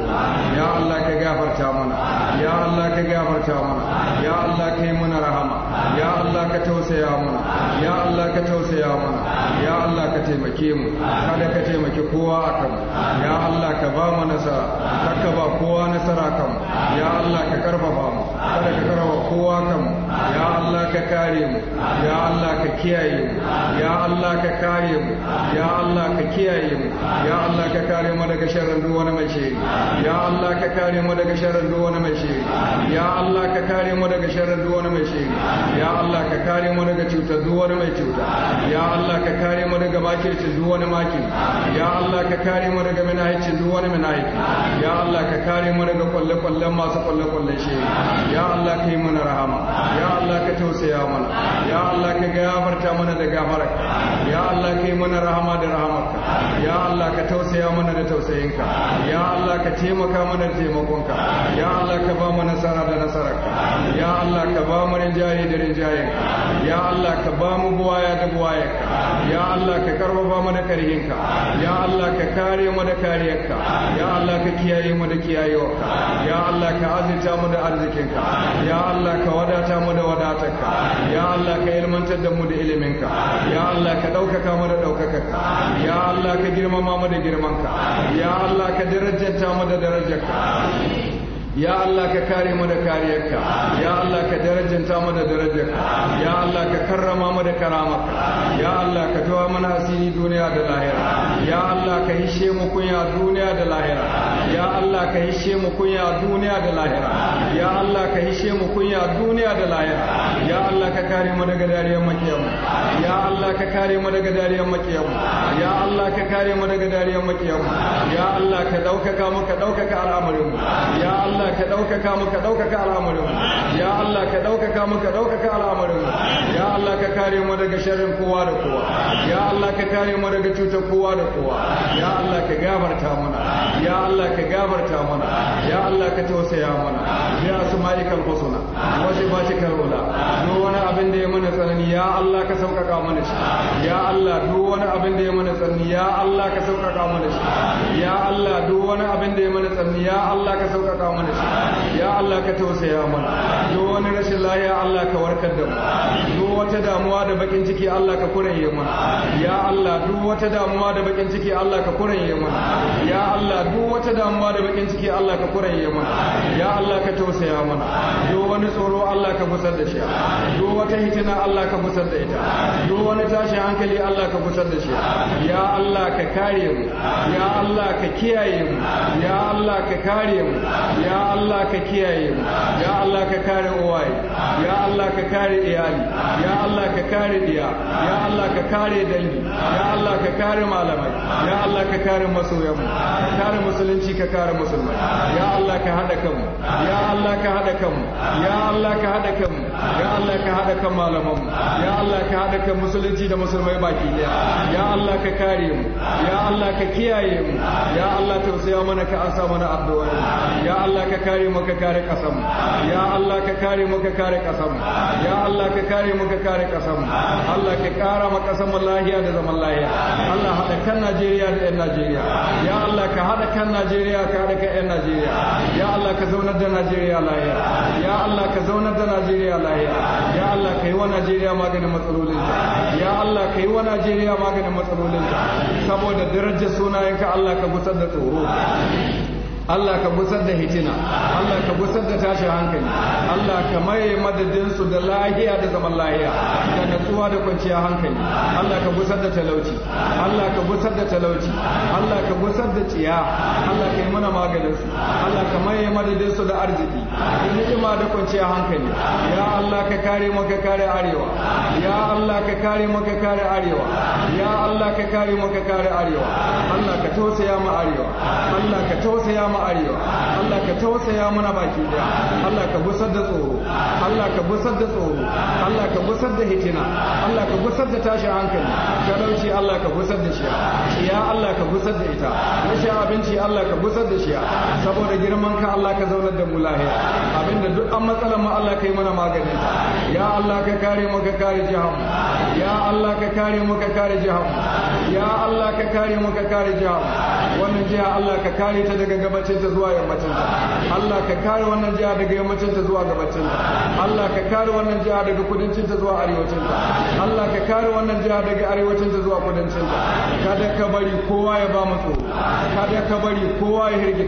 ya Allah ka gafarta mana ya Allah ka gafarta mana ya Allah ka yi mana rahama ya Allah ka tausaya mana ya Allah ka tausaya mana ya Allah ka taimake mu kada ka taimake kowa kowa a kan ya Allah ka ba mu nasara kakka ba kowa nasara kan ya Allah ka karfafa mu kada ka karfafa kowa kan ya Allah Allah ka kare mu ya Allah ka kiyaye mu ya Allah ka kare mu ya Allah ka kiyaye mu ya Allah ka kare mu daga sharrin duk wani mai ya Allah ka kare mu daga sharrin duk wani mai ya Allah ka kare mu daga sharrin duk wani mai ya Allah ka kare mu daga cutar duk wani mai cuta ya Allah ka kare mu daga makircin duk wani makin ya Allah ka kare mu daga minahicin duk wani minahiki ya Allah ka kare mu daga kwalle-kwallen masu kwalle-kwallen shiri ya Allah ka yi mana rahama ya Allah ka tausaya mana ya Allah ka gafarta mana da gafarar ya Allah ka yi mana rahama da rahamarka ya Allah ka tausaya mana da tausayinka ya Allah ka taimaka mana da taimakonka ya Allah ka ba mu nasara da nasararka ya Allah ka ba mu rinjaye da rinjayenka ya Allah ka ba mu buwaya da buwayenka ya Allah ka karfafa mu da karhinka ya Allah ka kare mu da kariyarka ya Allah ka kiyaye mu da kiyayewarka ya Allah ka azita mu da arzikinka ya Allah ka wadata mu da wadatarka ya Allah ka ilmantar da mu da iliminka ya Allah ka ɗaukaka mu da ɗaukakarka ya Allah ka girmama mu da girmanka ya Allah ka darajanta mu da darajarka ya Allah ka kare mu da kariyarka ya Allah ka darajanta mu da darajarka ya Allah ka karrama mu da karamarka ya Allah ka tawa mana asiri duniya da lahira ya Allah ka hishe mu kunya duniya da lahira ya Allah ka hishe mu kunya duniya da lahira ya Allah ka hishe mu kunya duniya da lahira ya Allah ka kare mu daga dariyar makiyamu ya Allah ka kare mu daga dariyar makiyamu ya Allah ka kare mu daga dariyar makiyamu ya Allah ka daukaka mu ka daukaka al'amarin mu ya Allah Allah ka ɗaukaka mu ka ɗaukaka al'amarin ya Allah ka ɗaukaka mu ka ɗaukaka al'amarin ya Allah ka kare mu daga sharrin kowa da kowa ya Allah ka kare mu daga cutar kowa da kowa ya Allah ka gafarta mana ya Allah ka gafarta mana ya Allah ka tausaya mana bi asma'ikal husna wa sifatikal ula duk wani abin da ya mana tsanani ya Allah ka sauƙaƙa mana shi ya Allah duk wani abin da ya mana tsanani ya Allah ka sauƙaƙa mana shi ya Allah duk wani abin da ya mana tsanani ya Allah ka sauƙaƙa mana da shi ya Allah ka tausaya mana duk wani rashin lafiya Allah ka warkar da mu duk wata damuwa da bakin ciki Allah ka kuranye mana ya Allah duk wata damuwa da bakin ciki Allah ka kuranye mana ya Allah duk wata damuwa da bakin ciki Allah ka kuranye mana ya Allah ka tausaya mana duk wani tsoro Allah ka gusar da shi duk wata hitina Allah ka gusar da ita duk wani tashin hankali Allah ka gusar da shi ya Allah ka kare mu ya Allah ka kiyaye mu ya Allah ka kare mu ya Allah ka kiyaye mu ya Allah ka kare uwaye ya Allah ka kare iyali ya Allah ka kare diya ya Allah ka kare dangi ya Allah ka kare malamai ya Allah ka kare masoyanmu ka kare musulunci ka kare musulmai ya Allah ka hada kanmu ya Allah ka hada kanmu ya ya Allah ka haɗa kan ya Allah ka haɗa kan malaman ya Allah ka haɗa kan musulunci da musulmai baki daya ya Allah ka kare mu ya Allah ka kiyaye mu ya Allah tausaya mana ka ansa mana addu'a ya Allah ka kare mu ka kare kasam ya Allah ka kare mu ka kare kasam ya Allah ka kare mu ka kare kasam Allah ka kara ma kasam lahiya da zaman lahiya Allah haɗa kan Najeriya da 'yan Najeriya ya Allah ka haɗa kan Najeriya ka haɗa kan 'yan Najeriya ya Allah ka zaunar da Najeriya lahiya ya Allah Allah ka zauna da Najeriya lahiya ya Allah ka yi wa Najeriya maganin ta ya Allah ka yi wa Najeriya maganin ta saboda darajar sunayenka Allah ka gusar da tsoro Allah ka busar da hitina Allah ka busar da tashin hankali Allah ka maye madadin su da lahiya da zaman lahiya da natsuwa da kwanciyar hankali Allah ka busar da talauci Allah ka busar da talauci Allah ka busar da tsiya Allah ka yi mana maganin su Allah ka maye madadin su da arziki da ni'ima da kwanciyar hankali ya Allah ka kare mu ka kare arewa ya Allah ka kare mu ka kare arewa ya Allah ka kare mu ka kare arewa Allah ka tausaya mu arewa Allah ka tausaya mu mu arewa Allah ka tausaya mana baki daya Allah ka busar da tsoro Allah ka busar da tsoro Allah ka busar da hitina Allah ka busar da tashin hankali talauci Allah ka busar da shi ya Allah ka busar da ita rashin abinci Allah ka busar da shi saboda girman ka Allah ka zaunar da mu lahiya abinda duk an matsalar mu Allah kai mana magani ya Allah ka kare mu ka kare jihar ya Allah ka kare mu ka kare jihar ya Allah ka kare mu ka kare jihar wannan jiha Allah ka kare ta daga gabata. yammacinta zuwa yammacinta Allah ka kare wannan jiha daga yammacinta zuwa gabacinta Allah ka kare wannan jiha daga kudancinta zuwa arewacin ta Allah ka kare wannan jiha daga arewacin ta zuwa kudancin ta kada ka bari kowa ya ba mu tsoro kada ka bari kowa ya hirge